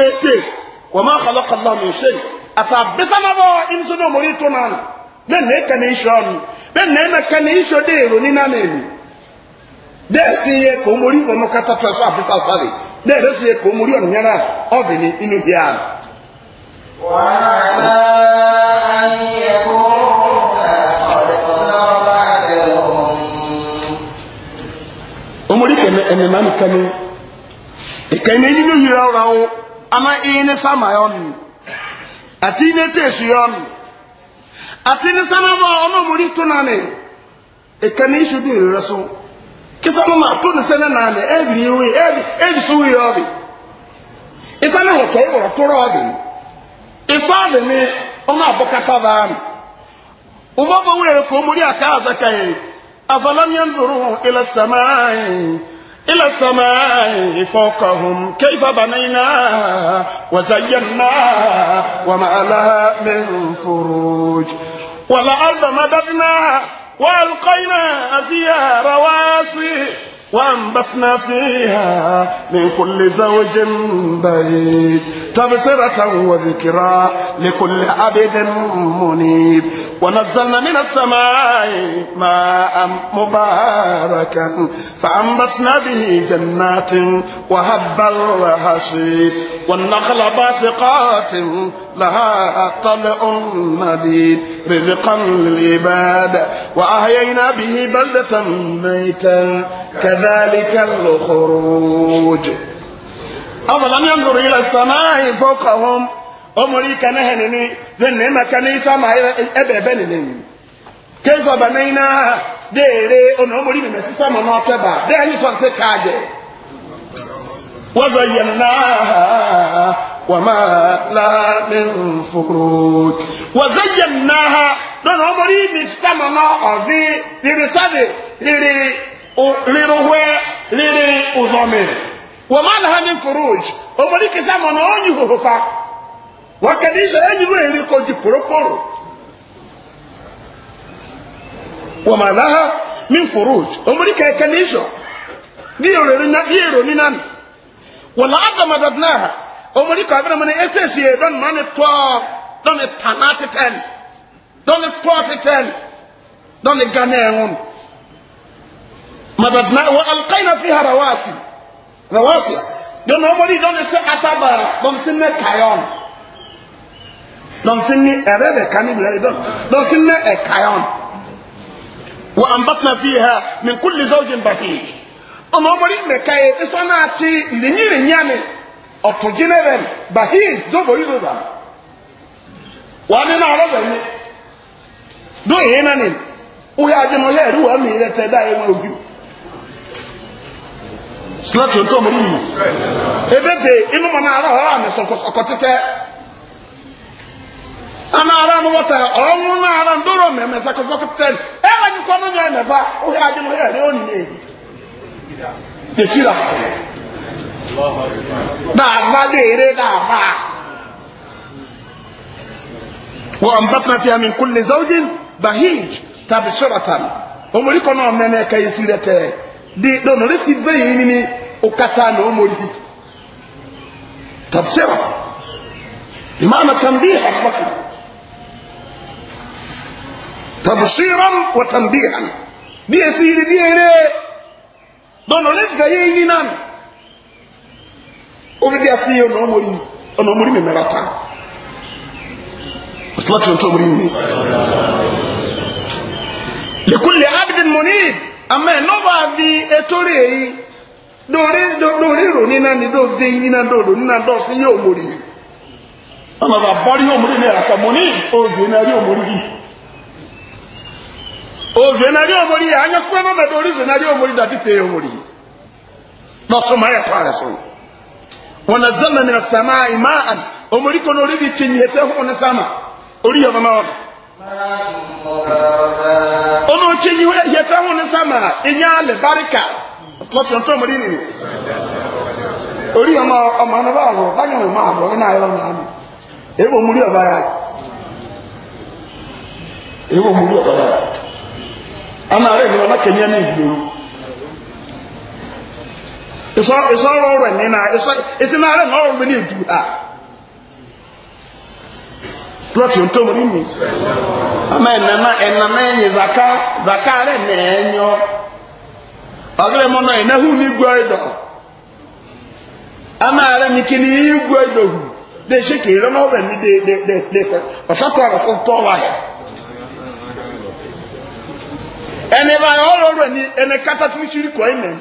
etes wọn máa kọlọ kọlọ mi ṣe àtàbísánabọ ìmísọdọ mọrí tó náà bẹẹ ní kẹne iṣẹ ọnu bẹẹ ní ẹnna kẹne iṣẹ ọdẹ ìrora nínú àná yìí bẹẹ sì yẹ kò mórí ọmọ kátàtà sọ àbísásárì bẹẹ rẹ sì yẹ kò mórí ọmọ yẹn inú bíi àná. ene mami ama ine sama yon ati ne tesu yon ati ne sama ba ono muri tunane ikene isu raso kisa ma tun se na every every every we obi na ke wo toro obi isaade ni ɔno abɔkata baa mu ɔbɔbɔ wɛrɛ kɔn mu ni akaaza ka yi afalam yɛn doro ila samaa ila samaa fɔkɔhum keifa banayina wazayanna wamaala min furuj wala alba madadina wa alqayna afiya rawaasi. وأنبتنا فيها من كل زوج بعيد تبصرة وذكرى لكل عبد منيب ونزلنا من السماء ماء مباركا فأنبتنا به جنات وهب الحصيد والنخل باسقات لها طلع مبيد رزقا للعباد وأحيينا به بلدة ميتا كذلك الخروج أولم ينظر إلى السماء فوقهم أمريكا نهنني لنما كنيسة ما أبابنني كيف بنينا ديري أن أمري من ما مناطبة ديري سنسي كاجي وزيناها وما لا من فروج وزيناها دون عمري مستمنا أذي لرسالة لري لروه لري أزامي وما لها من فروج عمري كسامنا أني هوفا وكنيسة أني ويري كودي بروكورو وما لها من فروج عمري كنيسة دي يروني نان ولا أدم مددناها omori kɔ ɛfɛ mɛnɛ efesi yɛ dɔn nɔni tɔɔ dɔni e tana titɛn dɔni e tɔɔ titɛn dɔni e gana ɛŋun madadina wa alikaina fi ha rawasi rawasi dɔn omori dɔni sɛ asaba dɔn si ne kayɔn dɔn si ne ɛrɛ bɛ kani bila dɔn dɔn si ne ɛkayɔn wa anbatina fi ha min kulli zawjin bahi ɔmɔ omori mɛ ka ye isɔn naa ọ̀tùnjínlẹ̀ rẹ̀ bahim dóbo yìí lóba wà nínú ọ̀rọ̀ rẹ̀ ni dó èyí náà ni ó yá ajẹ́mọ́ yẹ́ ẹ̀rú wàmí rẹ̀ tẹ́ dá ẹ̀wọ̀n òbí sinatio tó mọ̀ nínú ebébè inú mọ̀ náà ọ̀rọ̀ àmì sọ̀kọ̀ títẹ́ ana ara mu wọta ọ̀hún náà ara ń dóró mẹ́mẹ́ sọ̀kọ̀ títẹ́ ẹ̀ wá ní kọ́ nínú ẹ̀ mẹ́fà ó yá ajẹ́mọ́ yẹ́ ẹ̀rú òní dàmà léèrè dàmà. وأنبتنا فيها من كل زوج بهيج تبصرة أمري كنا من كيسيرة دي دون رسيفي مني أكتان أمري تبصرة بمعنى تنبيها الرحمة تبصيرا وتنبيها بيسيري دي دون رسيفي مني obìnrin ase yẹ ọ̀nà ọmọ yìí ọ̀nà ọmọ yìí mẹ̀mẹ̀ rata ọ̀sùnmọ̀ tó mi. lèkúlẹ̀ abidin mọ̀ ní àmọ́ ẹ̀ nọ́ọ̀bà bí etórí èyí dòrí dòrí rò nínà ní dò dé nínà dò dò nínà dò sí yẹ ọmọ yìí ọmọ bá bọ́rí ọmọ yìí mẹ̀rẹ̀ àtọ̀ mọ̀ ní òòzù náà ونزلنا من السماء ماء أمريكا نريد تنيته ونسامة أريد ما أريد ọmọ tí yíwé yẹfẹ hún ní sámà ìyá alẹ báríkà lọtí ọtọ ọmọdé nìyí orí ọmọ ọmọ ọmọ bá wọ báyọ wọn máa bọ nínú ayọrọ náà nù èèwọ mú ìsọ ọrọ rẹ na náà ìsìn náà rẹ náà ọrọ mi ní ìdú ha lọ́tí tó n'imi. nínú ọmọ ẹ̀nàmá ẹ̀nàmá ẹ̀yìn zaka zaka rẹ ní enyo. ọgẹrẹ mọ náà ìnáhùn na gbọ ẹdọ ama rẹ ní kíní gbọ ẹdọ hù dé ṣe kìí rẹ náà ọbẹ ní dé dé dé dé ọ̀ṣọ́tọ̀ rẹ fún ẹni báyọ̀ ọ̀rọ̀ rẹ ní ẹni kátà tó ń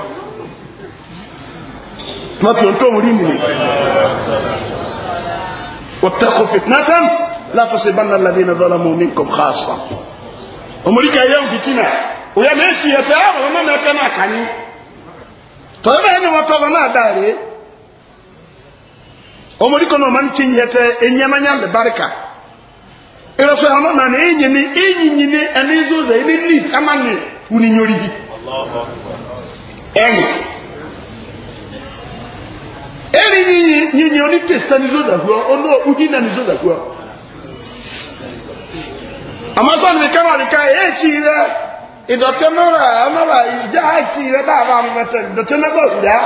láti ohun tó ń rí nìyí wọ́tẹ́kù fitnatan láti ṣe bá nàlá ní nàdọ́lá mú mi kò ká sọ. omorika yẹn fitina òyà mi fi ẹ̀fẹ́ àwọn ọmọ náà fẹ́ náà kà ní. tọ́lá yẹn ni wọ́n tọ́lá náà dáre omorika náà máa ń ti yẹ tẹ ẹ̀yẹ́mẹ́yà lè bárikà. ìrọ̀sọ̀ ọ̀nà náà ni ẹ̀yìn ni ẹ̀yìn ni ẹni zọ́ọ̀dẹ̀ ẹni nìt ama ni wùnyìn yọrí eri nyinyi nyinyi oni testa nizodakuwa ono uhina nizodakuwa amasa ni kama idote ija ba ba idote na go ya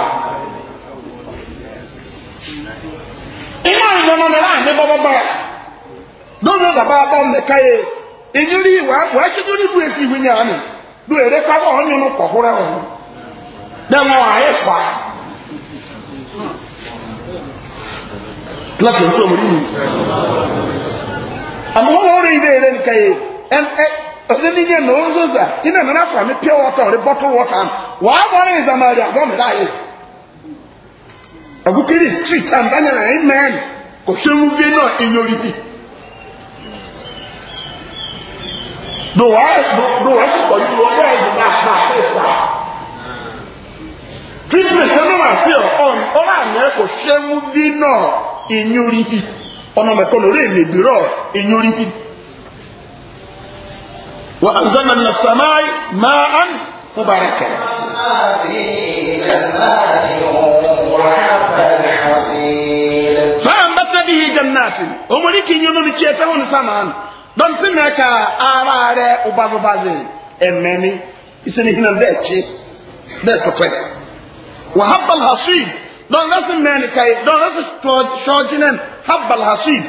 ina no no na ne baba ba do no baba ba kai inyuri wa wa ni ka onyo láti ọ̀tọ́ ọmọ nínú àmọ́ wọ́n ilé rẹ̀ nìkan yìí ọdún ní yẹn lọ́wọ́ sọ́sà iná mi náà fà mí pure water ọ̀rẹ́ bottle water am wàá mọ̀ rí ìzàmà rẹ̀ àgọ́ mi láàyè àgùkiri tì tàn bá yẹn rẹ̀ mẹ́rin kò ṣe mú bí náà ìyọrí bí. do wàá do wàá treatment ẹnu wà sí ọ̀n ọ̀rọ̀ àmì ẹ̀kọ́ ṣẹ́mú bí náà ìyúrí hì ọ̀nà mẹ́kọ́ lórí èmi bìrọ̀ ìyúrí hì. wà á gbọ́n náà sàmáì máa án fún bàrà kẹ́. fáwọn bá tẹ́bi hì jẹ́nàtì ọmọdé kì í yún lómi ara rẹ̀ ọbazọbazẹ ẹ̀mẹ́ni ìsẹ́ni hinna bẹ́ẹ̀ وهب الحصيد دون ناس مانكاي دون ناس شوجنن هب الحصيد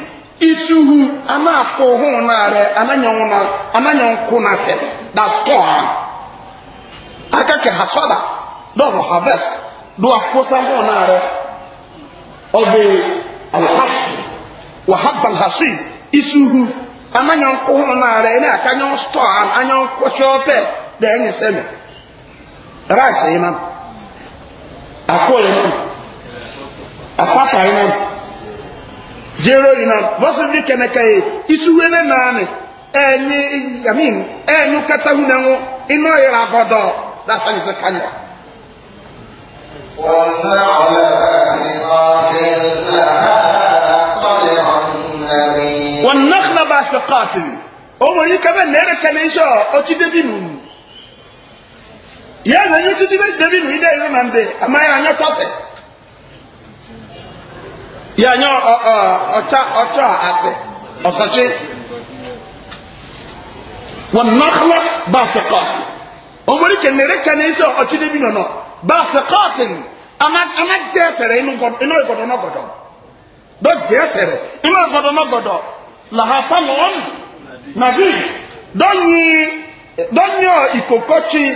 isuhu ana akɔ ho naare ananyɔn na ananyɔn ko na tɛ da store hasada dɔwɔ harvest do akosa ho naare ɔbɛ isuhu ko ho naare ɛna aka nyɔn store ha anyɔn ko kyɛw tɛ sɛmɛ yi na. akɔyɛ mu apapari nam jerori nam wɔsi bi kɛnɛkɛ yi isuwe ne naani ɛnyi yamin ɛnyu katahu na ŋo ina yɛrɛ abɔdɔ dafa yi sɛ kanya. wɔn na ɔlɛ sinɔɔti la tɔle ɔnari. wɔn na ɔlɛ sinɔɔti. o mɔ yi débi yẹn sẹ yóò ti di bẹ dẹbi nìyí dẹ yìí nà ń dẹ àmà yẹn anyọ tọ́sẹ̀ yẹn anyọ ọ ọ ọtọ ọtọ àsẹ ọsọtwe wọn nàkúlọ bá sẹkọ ọmọdé kẹnẹrẹ kẹnẹ sẹ ọtí dẹbi nọ nọ bá sẹkọ tẹn ama ama jẹ tẹrẹ inú gọdọ inú gọdọ náà gọdọ dọ jẹ tẹrẹ inú gọdọ náà gọdọ làhàfà lọ́wọ́n nàbí dọ́nyìn dọ́nyìn ìkókọ́tì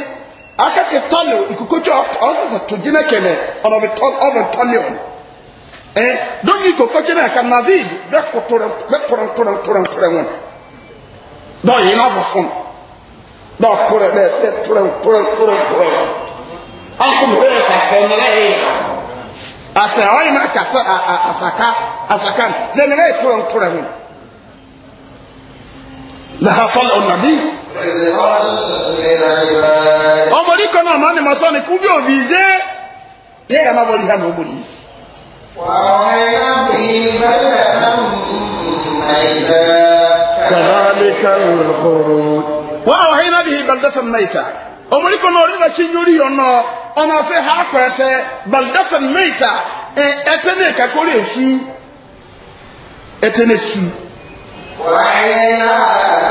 akake tɔlio ikokotwa ɔsesa to gyina kɛmɛ ɔna ɔbɛ tɔ ɔbɛ tɔlio ɛ dɔnki ikokotwa na ka navi e. bɛ kotorɛ bɛ torɛ torɛ torɛ torɛ wɔn dɔw yi na bɔ fun dɔw torɛ bɛ bɛ torɛ torɛ torɛ torɛ wɔn akɔmi bɛ kasɛ nana yɛ asɛ ɔyɛ na kasɛ a a asaka asaka lɛ nana e yɛ torɛ torɛ wɔn lahatɔlio navi. ọ bụrụ ikona ọmanịmasọnik ụbọchị ọbụla izi ya na ụbọchị ọrụ ọrụ ọbụla izi ya e, na ọbụla izi ya na ọbụla izi ya na ọbụla izi ya na ọbụla izi ya na ọbụla izi ya na ọbụla izi ya na ọbụla izi ya na ọbụla izi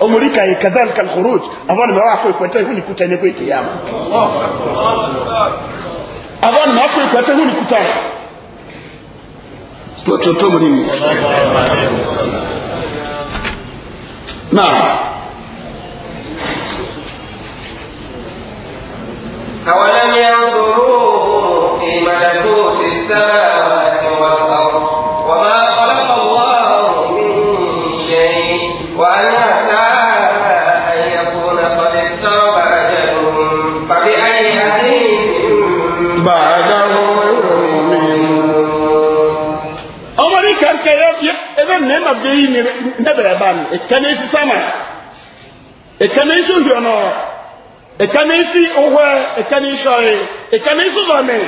omurika ye kadhalika alkhuruj abana bawako ikwata huni kutane kwa kiyama abana bawako ikwata huni kutane tutoto mulimi na awalam yanzuru fi malakuti samaa na bɛ yi ne bɛrɛ ba no eka na esi sama eka na esi ohio no eka na esi ohwɛ eka na esi ɔre eka na esi zɔme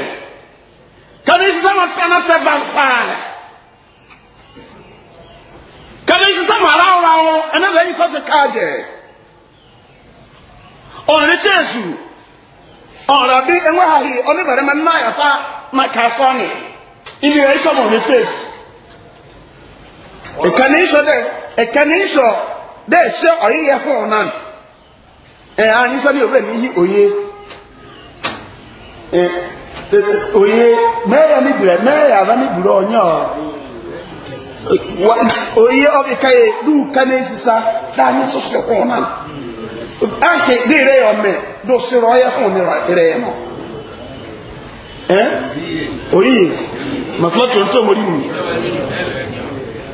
ka na esi sama kana fɛ ba nsaa ka na esi sama arawurawo ɛna bɛ yi fɛsɛ kaagye ɔre kyɛ esu ɔre abi enwe ha hi ɔne bɛrɛ ma nna yasa na kaasa ne ɛna yɛ esɛ mo ne tɛsi ɛkanisɔ dɛ ɛkanisɔ dɛ ɛhyɛ ɔyeyɛ hɔ ɔnan ɛɛ e, anyisa ni owurɛ niyi oye ɛ e, oye mɛɛya ni brɛ mɛɛya ava ni brɛ ɔnyɛ ɔ wa oye ɔkeka yɛ duu kane sisa dɛ anyi soso hɔ ɔnan anke de yɛrɛ yɛ ɔmɛ do soro ɔyɛ hɔ ne yɛrɛ yɛ no ɛ oye masala tuntun mo di mu.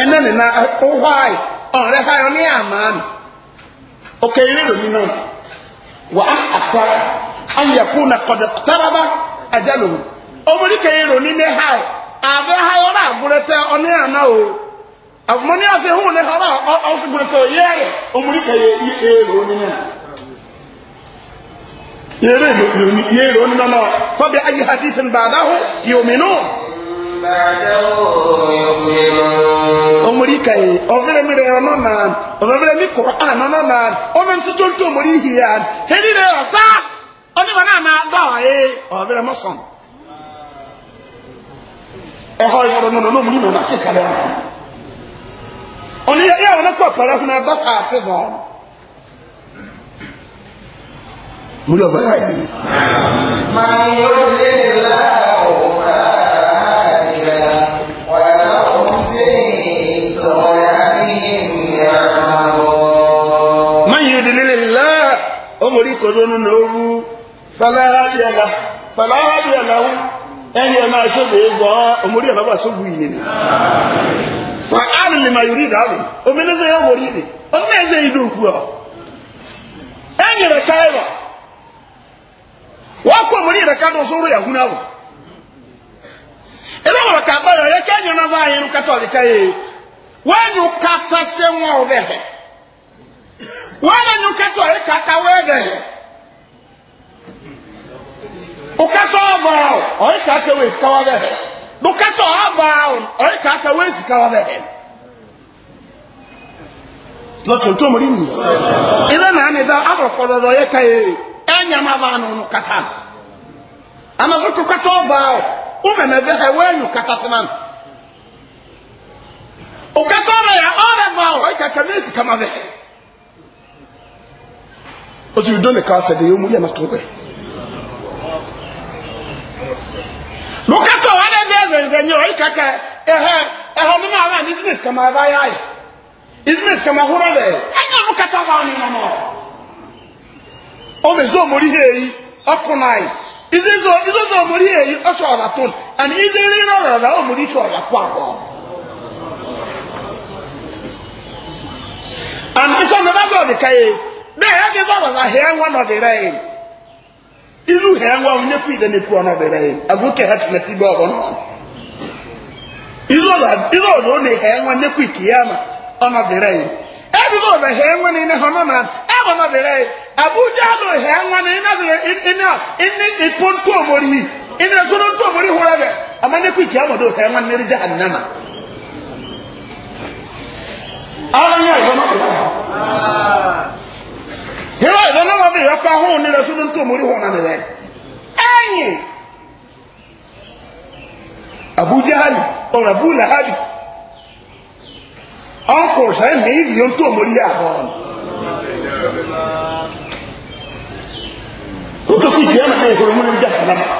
ɛna na ɔhwae ɔnrɛ hae ɔne yɛ amaa no ɔkaire lomi no wa ahafa an yakuna qad iqtaraba ajaluhu ɔmɔde kaire lomi ne hae aabɛ hae ɔrɛ agorɛ tɛ ɔne ana o hadithin omori kai overe mire ono na overe mi qur'an ono na ono nsi tonto omori hiya heli re osa oni wana na do e overe mo son e ho yoro no no omori mo na ke kale oni ya ona ko para kuna ba sa te zo muri oba ya ni ma yo le la kòrónú na owú fàlàhádìyàláwú ẹni ọ̀nà àṣọ́bẹ̀ ẹgbọ́ omori ọ̀lọ́wà sógbù ìnìyàn fa alìlì ma yorí ìdáàbò omínúzẹ́ yóò wòrí ìdè ọdún ẹ̀zẹ́ ìdó òkú ọ ẹ̀yìn rẹ̀ ká ẹ̀rọ agha. kó omori rẹ̀ ká dùn ka yàhú náà wọ̀ ẹ̀rọ wọ̀rọ̀ kà bọ́yọ̀ yẹ kẹ́yìn náà bá yẹn wọn anyu kẹsọ ẹ kaka wẹẹdẹ o kẹsọ ọba ọ ẹ kaka wẹẹ sika wa bẹẹ do kẹsọ ọba ọ ẹ kaka wẹẹ sika wa bẹẹ lọtọ tó mọrí mi ilé náà ni dá abọkọdọdọ yẹ ká yẹ ẹ nyàmá bá nù kàtà anasoko kẹsọ ọba ọ umẹmẹ nù kàtà sí náà o kẹsọ kaka wẹẹ sika osi bi dole ka sɛ de yomu yɛ na to bɛ lukatɔ wa de bɛ zɛnzɛ nyɛ ɔyi kakɛ ɛhɛ ɛhɛ mi maa la ni business kama ɛba yɛ ayɛ business kama horo lɛ ɛnyɛ lukata ba mi nɔnɔ ɔmɛ zɔn mori hɛ yi ɔtuna yi izezo izezo omori hɛ yi ɔsɔ ɔla ton ani izeri rɔrɔ la omori sɔ ɔla to awɔ. and isɔn mi ba gbɔ de ka ye. bẹ́ẹ̀ bí bá wàlá hẹ́ wọn ọ̀dẹ̀rẹ̀ yìí irú hẹ́ wọn ọ̀hún nyẹ́kú ìdẹ́ nìkú ọ̀nà ọ̀dẹ̀rẹ̀ yìí agókè hàtì nà ti na ọ̀hún náà irú ọ̀dọ̀ ó ní hẹ́ wọn nyẹ́kú ìkìyàmà ọ̀nà ọ̀dẹ̀rẹ̀ yìí ẹbí bá wàlá hẹ́ na e hero ìbọn náà wọ́n bí ìyọ́pá hóun ní lọ́sùn ní tòun orí wọn náà nìyẹn ẹ̀yìn abujahali ọ̀rọ̀ abulahabi ọkùnrin sáyẹn ní ìdí yóò tòun orí yà bọ́ ó tó fi ìjìyà náà ẹ̀kọ́ ìmúlẹ̀ ìjà kanáà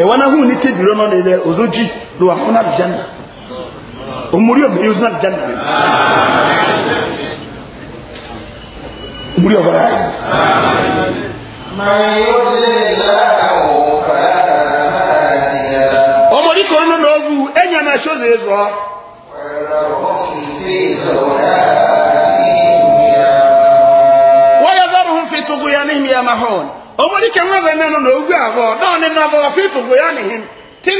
ẹ̀wọ́n náà hóun ní tẹ̀bìrì ọ̀nà nìyẹn òzójì lọ́wọ́ àwọn náà bìjà náà òmùrí ọ̀mẹ́yẹ́ òzójì náà bìjà náà múlí ọ̀bá yá yìí. ọmọdé kan nínú ọgbù ẹ̀yìn àmà ṣọ́ọ̀dẹ̀ ẹ̀fọ́. wọ́n yẹ fọ́ọ̀rù fún fi tugu ya ní ìmìyà máa nwere ọmọdé kan nínú ọgbù ọgbù àbọ̀ náà nínú ọgbù ya nìyẹn. tí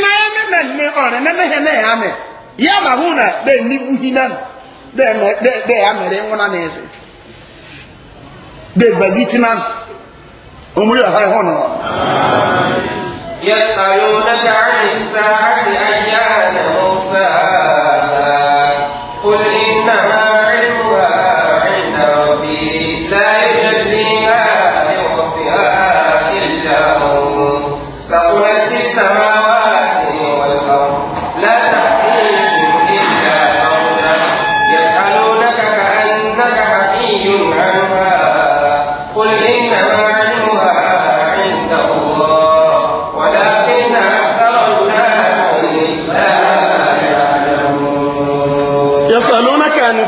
náà de bazi tinan omuri ahai hono yasalunaka ani saati ayyana musa qul innaha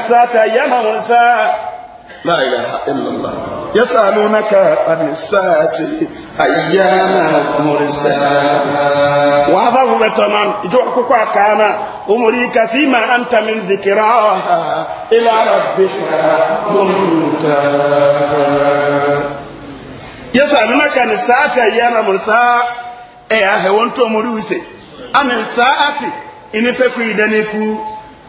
الساعة يا موسى لا إله إلا الله يسألونك عن الساعة أيام مرساها وهذا بتمام جوعك كان أمريك فيما أنت من ذكراها إلى ربك منتهى يسألونك عن الساعة أيام مرساها إيه هونت أمريوسي عن الساعة إن فكوا إدنكوا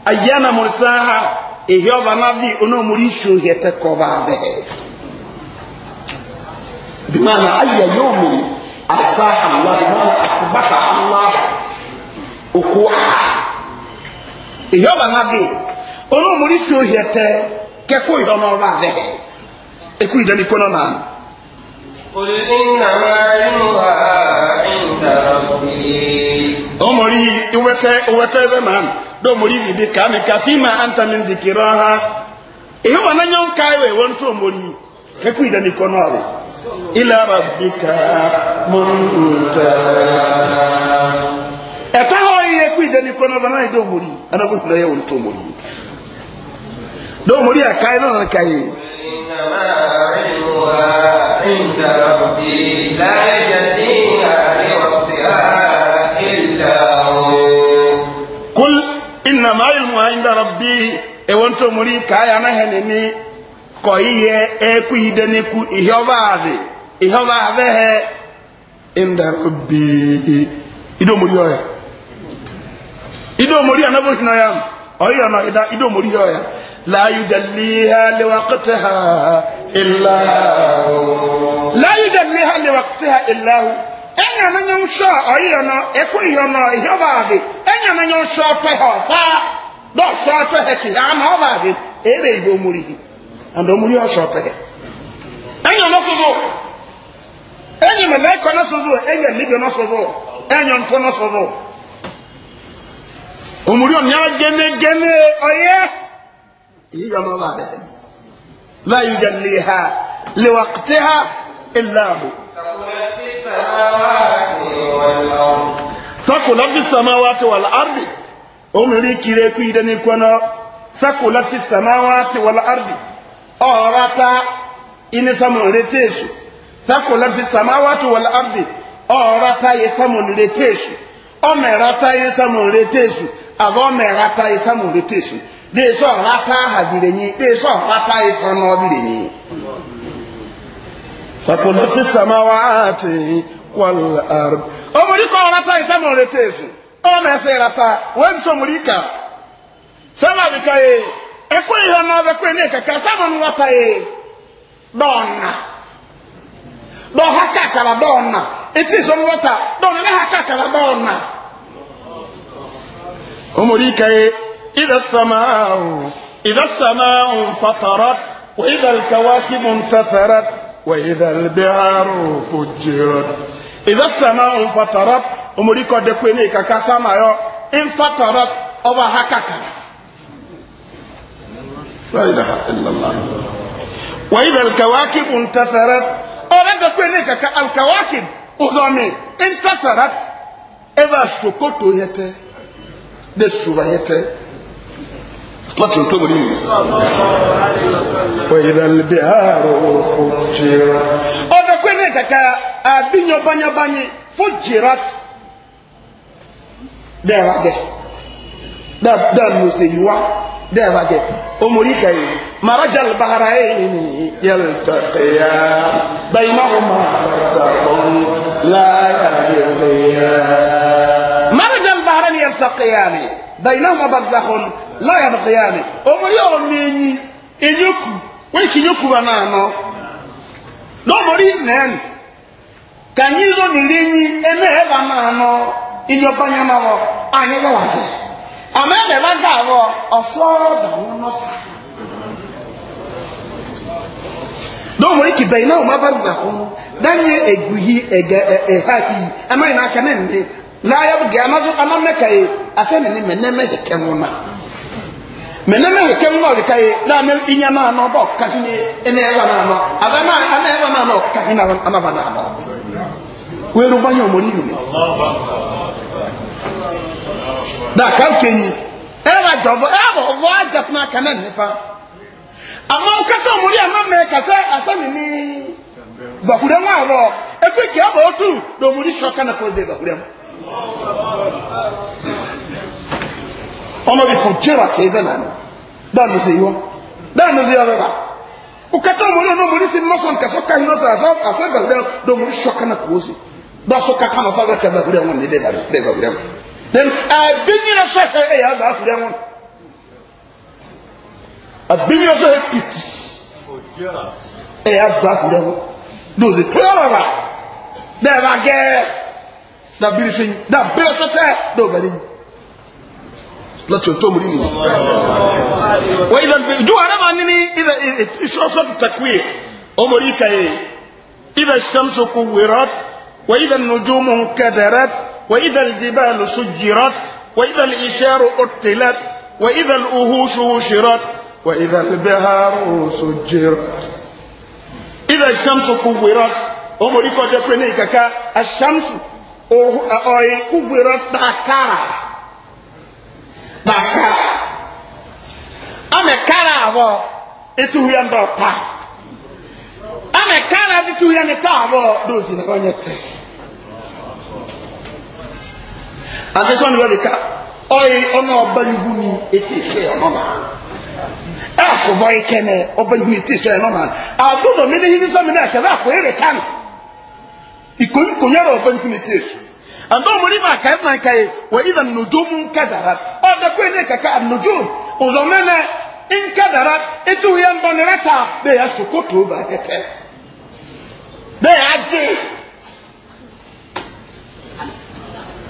أيام مرساها ehi ọba nabi onomori isu ohi ẹtẹkọ ọba abẹhẹ bimana ayẹ yóò mi asa hamla bimana akubata hamla oku aha ehi ọba nabi onomori isu ohi ẹtẹ kẹkọ ohi ọba ọba abẹhẹ eku idani kọ nọ naa. قل do mori bi bi ka mi ka fi ma anta min dikiraha e ho na nyon kai we won to mori ke ku ida ni kono ave ila rabbika muntaha eta ho ye ku ida ni kono na do mori ana ku ida ye won mori do mori akai no na kai إنما علمها عند ربي لا يجديها لوقتها inda rabbi ewonto muri kaya na henini ko iye eku idene ku ihobaade ihobaade he inda rabbi ido muri oya ido muri anabo kina yam oya na ida ido muri oya la yujalliha liwaqtaha illa la yujalliha liwaqtaha illa hu enya na nyonsha oya na eku ihono ihobaade enya na nyonsha fe ho fa dɔw sɔ ɔtɔ hɛ kiri ama ɔba ahe ebe ibo omuri hi and omuri ɔsɔ ɔtɔ hɛ ɛnyɛ ɔno soso ɛnyɛ mɛlɛkɔ no soso ɛnyɛ nibio no soso ɛnyɛ ntɔ no soso omuri ɔnyɛ gɛnɛgɛnɛ ɔyɛ iye ɔno ɔba ahe السماوات والأرض omiri kiri ku ide ni kono fakula fi samawati wal ardi orata ini samu retesu fakula awa samawati wal ardi orata ye samu retesu omerata ye samu retesu abo merata ye samu retesu de so rata hadirenyi de so rata ye sono birenyi fakula fi samawati wal ardi omiri ko orata ye samu retesu ọmọ ẹsẹ ìrata wọn nsọ mọ yìí kà sábà nìka yẹ ẹkọ yìí hàn náà ẹkọ yìí ní kàkà sábà nù wata yẹ dọọna dọọha kàkàrà dọọna etí sọ nù wata dọọna ẹnẹ ha kàkàrà dọọna ọmọ yìí yẹ ìdá sàmáwò ìdá sàmáwò nfàtàrà wà ìdá kàwákì ntàfàrà wà ìdá bẹ́ẹ̀rù fòjìrò idha samaa infatarat omori kɔde kpe ne kaka sama yɔ infatarat ɔba ha kakara. la ilaha illallah wa idha alkawakib intatharat ɔba de kpe ne kaka alkawakib sokoto yɛtɛ de suba yɛtɛ. láti tó mú nínú ìsìn. wa idha albiharu fujjirat. ọ̀dọ̀ ɛyɛ kaka abi nyabanyabanye fo jirat dɛɛba dɛ dɛɛba no se yiwa dɛɛba dɛ omori ka marajal bahara eh, yaltaqiya bainahuma sabon la yabghiya marajal bahara ni yaltaqiyani barzakhun la yabghiyani omori o menyi enyoku wiki nyoku banano lọ́mọrí nẹ́ẹ̀nù kàní lónìí ní ẹnẹ́ ẹ̀bà máa nọ iye báyá máa wọ àyẹ́ lọ́wọ́ àgbẹ̀ àmọ́ ẹ̀lẹ́ bá gà wọ ọ̀sọ́rọ̀ dàwọn nọ́ọ̀sì lọ́mọrí kìbẹ̀ iná òun bá zà fún dányé ègù yìí ẹ̀gẹ̀ ẹ̀há mene na ne inya na ano ɔbɔ kahi ne ɛna ɛwa na ano ada na ana ɛwa na ano kahi na ana ba na ano wɛrɛ banyɛ ɔmɔ ni yini da kaw kenyi ɛwa e jɔbɔ ɛwa e ɔbɔ ajapuna kana nifa ama nkata ni ama mɛ mu awɔ efi kia otu ni sɔ kana mu ɔmɔ bi fɔ na dánù sí ìwọ́ dánù sí ọ̀rọ̀ rà òkàtà òmòrí ọ̀nà òmòrí sí mọ́sán kẹsọ́kà iná sàásọ́ àfẹ́gbẹ̀rẹ̀ dọ̀mòrí ṣọ́kànà kò ó sí dọ́sọ́kà kánà fáwọn kẹgbẹ̀rẹ̀ wọn ní dẹ́gbẹ̀rẹ̀ wọn then abinyina sọ ẹ ẹ yà bá kúrẹ́ wọn abinyina sọ ẹ pìtì ẹ yà bá kúrẹ́ wọn dòdì tó yọrọ rà bẹ́ẹ̀ bá gẹ́ dàbírí sẹ́yìn dàbírí sọ́tẹ́ dòbẹ̀rẹ̀ yìí láti ọ̀tọ́ mú yìí wọ́n ìlànà pé ìjọ àrẹ́mà ní ìdẹ̀ ìṣọ́sọ́tù takwí ọmọrí kàyé ìdẹ̀ ṣamsokò wèrọ́t wọ́n ìdẹ̀ nùjọ́mù kẹdẹ̀rẹ́t wọ́n ìdẹ̀ ìdìbàlù sùjìrọ́t wọ́n ìdẹ̀ ìṣẹ́rù ọ̀tẹ̀lẹ́t wọ́n ìdẹ̀ òhúṣù ṣìrọ́t wọ́n ìdẹ̀ ìbẹ̀hàrù sùjìrọ́t ìdẹ̀ ṣamsokò wèrọ́t ọmọrí kọjá pé ní ìkàkà àṣàmsù ọ̀ọ̀yìn n'aka amekara abụọ etuhu ya ndị ọta ya n'ịta abụọ dozi na onye te adesọ ni wọlika ọyị ọnụ ọba ihu ni eti na ọba ihu eti ise nọ na adụdọ mmiri ihe nsọ mmiri ere kano ikonyi ọba ihu eti ise andọ ma na nkae wa ịza nnudu mụ nkadara ọdọ kwe ne kaka anujum ọzọ mẹnẹ nkadara etu ya mbọ nere ta bẹẹ ya sokoto ba tẹtẹ bẹẹ ya dé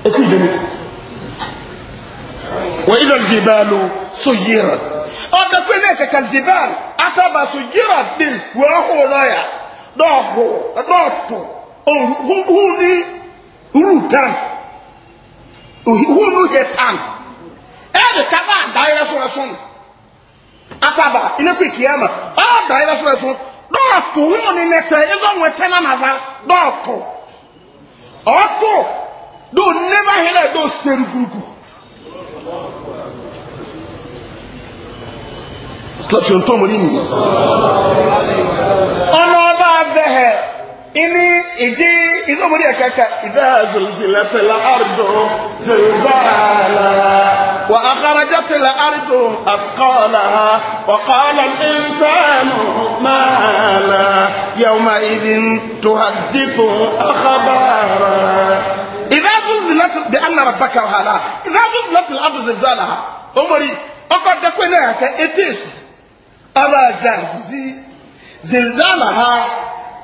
eku ìdèmí wọ́n ìdọ̀ jìbàlù so yíra ọdọ kwe ne kaka jìbàlù ataba so yíra dé wọ́n hó lọ́yà dọ́ọ̀hó dọ́ọ̀tò òhun ní rúùtàn òhun ní hẹ̀tàn ɛɛde kaba adae lɛsorɛson akaba inekɔ ikiama ɔdae lɛsorɛson dɔɔto ho ne nɛtɛ ɛzɔ nwɛtɛ nanava dɔɔto ɔɔto do nema hena do seri gurugu sɔntɔn mo ni nyi ɔnɔ ɔba abɛhɛ ini ìdí inú omori ẹ̀kẹ́kẹ́ ìdá zòlùsílẹ̀ tẹ̀lé àrùdò zòlùsàlà wà àkàràjá tẹ̀lé àrùdò àkọọ́là wàkọ́ọ́là ìsànù màálà yàwùmá ìdí tó àdìsù àkàbàrà. ìdá zòlùsílẹ̀ bí a nara bàkà wàhálà ìdá zòlùsílẹ̀ tẹ̀lé àrùdò zòlùsàlà omori ọkọ̀ dẹ́kun náà kẹ́ etis ọba dàzí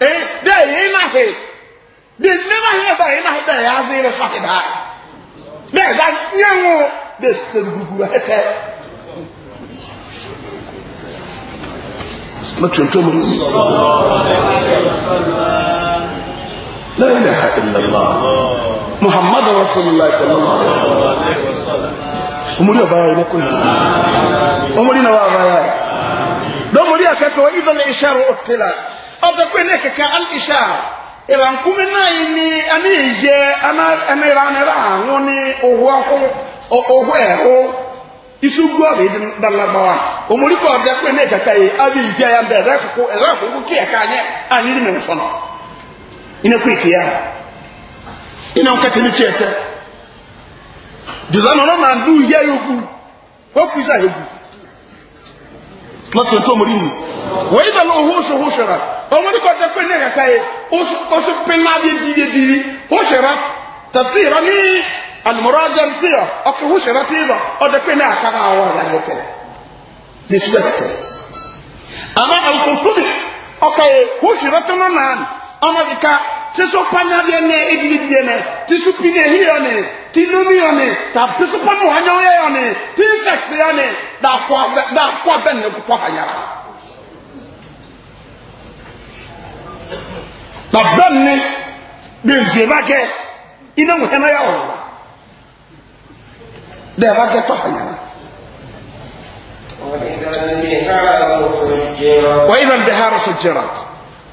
eh dai ina he this never hear that ina he dai azi ne fati da dai da nyango this to gugu hete matuntun mu la ilaha illallah muhammadu rasulullah sallallahu alaihi wasallam umuri abaya ibakunzi umuri na wabaya domuri akaka wa idha al-isharu utila Ọ ilé kẹ̀kẹ́ alìṣáà ìrànkúmi náà yìí ni ẹni ìyẹ ẹmẹ́ranẹ́ra àwọn ní owó ẹ̀hó isugu ọ̀rọ̀ ìdí dalabawa omorikọ ọ̀dọ̀kọ́ ilé kẹ̀kẹ́ yìí kọ ya bẹ̀rẹ̀ ẹ̀kọ́kọ́ ẹ̀rọ àkókò anyị ya ina nkata na na ọmọ ní kọjá pé ní ẹ̀ka yẹ oṣù pinna bí dídídídí ó ṣẹ̀rọ tẹ̀sí ìrọ ní àlùmọ́rọ́ ajẹ́nsì ọ̀ ọkọ̀ ó ṣẹ̀rọ tí ìrọ ọdẹ pé ní àkàrà àwọn ọ̀rọ̀ ayẹ tẹ̀ ní sílẹ̀ tẹ̀. àmọ́ àlùkòtòbí ọkọ̀ yẹ ó ṣẹ̀rọ tó náà nàn ọmọ ìka tíṣu panya bí ẹni ìdílídí ẹni tíṣu pinna èyí ọ̀nì tínúmí ọ̀nì tàbíṣu pọ́nmù ọ̀nyẹ́wọ́ bàbá mi bí nzè bá kẹ iná wò hẹ́n náyà wọ̀ dẹ́ bá kẹ tọ́ àyà. wọ́n yìí bẹ́ẹ̀ hàrọ̀ sọ jẹ́ra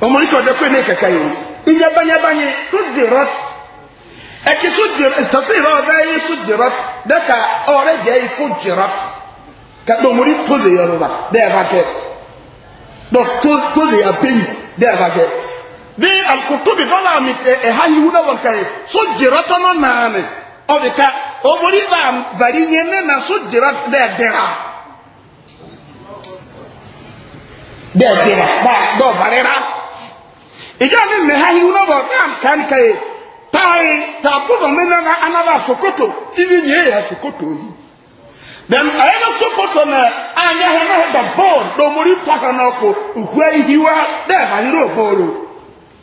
ọmọ nítorí ọjọ́ pé ní kẹ̀kẹ́ yìí ìyẹ́bányẹ́bányẹ́ tó dìrọ́t ẹ̀kí sọ dìrọ́t tọ́sí ìrọ̀ ọ̀dá yìí sọ dìrọ́t dẹ́ka ọ̀rẹ́ jẹ́ ifo dìrọ́t kàtó ọmọ nítorí ọjọ́ pé ní kẹ̀kẹ́ yìí dẹ́ka ọ̀rẹ́ jẹ́ ifo dìrọ́t dẹ́ka ọ̀rẹ́ jẹ́ ifo bí alkutubi dọ́là so jìrọ tọ́nà nàánì bá na so jìrọ bá mi mi ha yìí wúdà wọn kàyé kàyé táyé mi anaba sokoto ibi yẹn yà sokoto yìí na sokoto na anyahẹ náà dà bọ́ọ̀lù dọ̀mọ́rí tọ́ka náà kò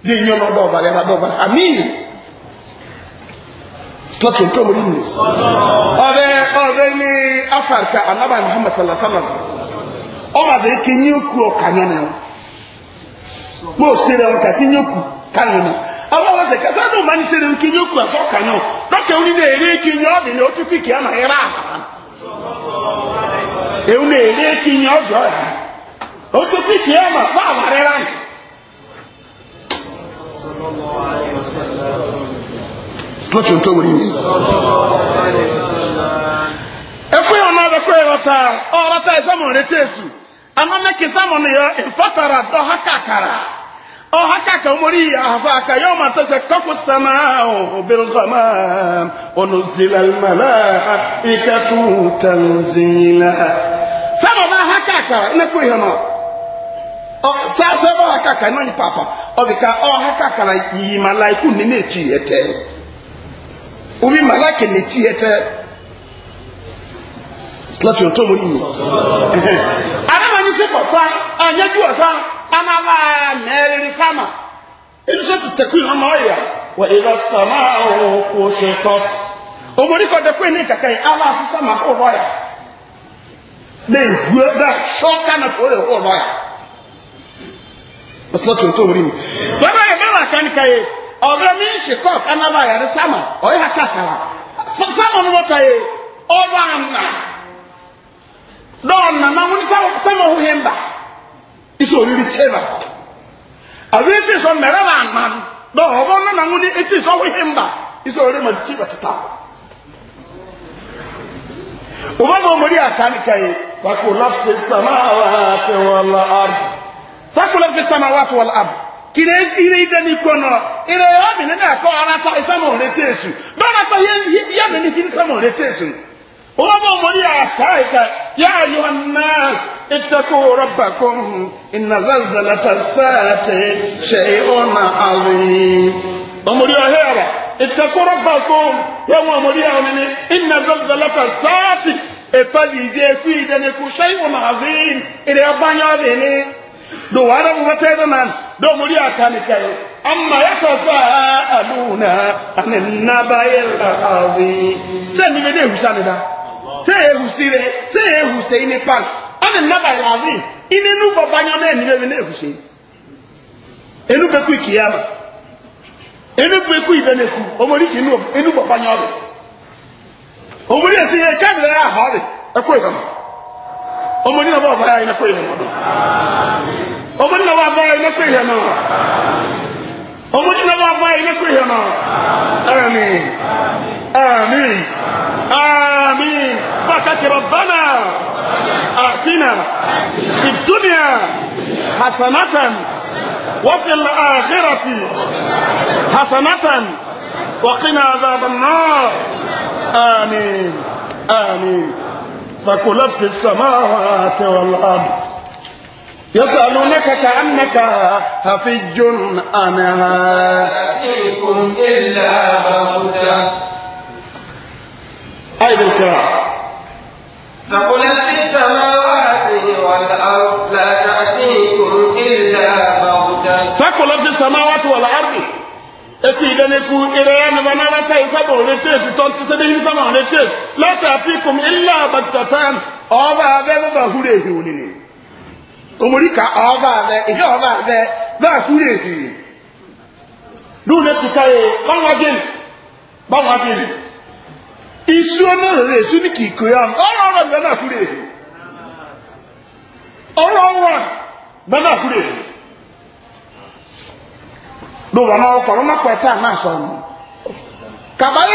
dé yín ọ̀nà ọ̀dọ̀ ọ̀bàlẹ̀ ẹ̀rọ ọ̀bàlẹ̀ àmì slọ́tún tó mú nínú ọ̀rẹ́ ọ̀rẹ́ ní afárika anábà muhammad sallallahu ọba dẹ̀ ké ní okú ọ̀ka yẹn mọ́ ò sẹ́rẹ̀ ọ̀ka sí ní okú káyọ̀ náà àwọn ọ̀sẹ̀ kẹsàn án máa ń sẹ́rẹ̀ ń ké ní okú ẹ̀sọ́ ọ̀ka yẹn dọ́kẹ́ òní ní èrè ké ní ọ̀dẹ̀ ní otu píkì àmà ẹ̀rọ àhàrà èwù ní èrè ké ní ọ̀dọ̀ ọ̀hà otu píkì àmà fáwọn àrẹ́rà yìí If we are not wòrí ní or ọ̀nà ọ̀dọ́kọ̀ ẹ̀rọta ọ̀rọta ìsámọ̀ rẹ̀ not making sámọ̀ ni In ìfọ́tara dọ́ha kàkàrà ọha kàkà mórí àhàfà àkà yọ ọmọ àtọ́sẹ̀ kọ́kù sàmà òbẹ̀rù sàmà ọ̀nà zìlàlmàlà ìkàtù tàǹzìlà sámọ̀ bá ha kàkàrà ẹnẹ́kùn ìhànà sábà kàkà náà ní pàpà ọdịka ọha kakara yi malaiku ne na-echi ete obi malaika na-echi ete láti ọ̀tọ́ mú nínú alábàáyí sí kọ̀sá àyẹ́jú ọ̀sá anáwà mẹ́rin sáàmà inú sọ́tù tẹ̀kù ìrànmọ́ ọ̀yà wà sama sàmà òkú ṣe tọ́ òmòríkọ̀ tẹ̀kù ní kàkà yìí aláàsí sáàmà kó rọ̀ yà lè gbé bá ọ̀sọ́tún tó rí mi lọ́dọ̀ yẹn bẹ́ẹ̀ wà kánikayé ọ̀rẹ́ mi ń ṣe kọ́ kánábà yàrá sámà ọ̀yẹ́ àkàkàrà sámà ni wọ́n kayé ọba àná dọ́ọ̀nà máa ń sámà ọ̀hún yẹn bà iṣẹ́ òrìrì kyẹ́ bà àbí etí sọ mẹ́rẹ́ bà àná dọ́ọ̀ ọba ọ̀nà máa ń ní etí sọ ọ̀hún yẹn bà iṣẹ́ òrìrì mà jí bà títà ọba náà mo rí àkánikayé wàkùn láti sàmáwá àti wọn lọ àrùn sakulat fi samawati wal ard kìrè ire ìdẹ́ni kọ́nà ire ọ̀mì nínú ẹ̀kọ́ aráfa ìsámọ̀ òrètè èsù bára fa yẹ́mì ní kí ìsámọ̀ òrètè èsù owó mọ̀ mọ̀ ní àṣà ìka yá ayọ̀ náà ìtẹ́kù rọ́bà kún iná zalzala ta sáàtì ṣe ọ̀nà àwìn. ọmọdé ọ̀hẹ́ ọ̀rọ̀ ìtẹ́kù rọ́bà kún yẹ́wọ̀n ọmọdé ọ̀hún ni iná zalzala ta sáàtì ìpàdé ìdẹ́kù ìdẹ́nikù ṣe ọ̀nà àwìn ìdẹ́ do wara mu batena nan do muri akani kai amma yatafaaluna anin nabayil azim se ni bede husani da se husire se husaini pan anin nabayil azim ine nu babanyo na ni bebe na husaini enu be ku kiyama enu be ku ibene ku omori kinu enu babanyo be omori esi ye kamira ya hore ekwe kama omori na baba ya ina kwe kama amen ọmọ nínú wa bá ilé pé yẹn náà ọmọ nínú wa bá ilé pé yẹn náà ẹ̀mí ẹ̀mí ẹ̀mí bákàtí rọ̀bánà àtìnà ìdúnìà hasanatan wọ́fìl àkírọ̀tì hasanatan وقنا عذاب النار آمين آمين فكلت في السماوات والأرض يسألونك كأنك هفج عنها أتيكم إلا بغتة أيضا الكرام فقلت في السماوات والأرض لا تأتيكم إلا بغتة فقلت في السماوات والأرض eki idaniku ireya ni bana rata isaba orete sitan ti sede isaba orete lati atikum illa bagtatan ọba abẹ baba hure ehi onini omorika ọba abe ebi ọba abẹ bẹẹ kúrò èdè lóun náà ti káyé báwọn adéyìn báwọn isu ọlọrọ rẹ isu ní kìkọ ya ọrọ ọrọ bẹẹ náà kúrò èdè ọrọ ọrọ bẹẹ náà kúrò èdè lóun wọn náà kọ ọmọ pẹtẹ àná sọ ọmọ kàbáyé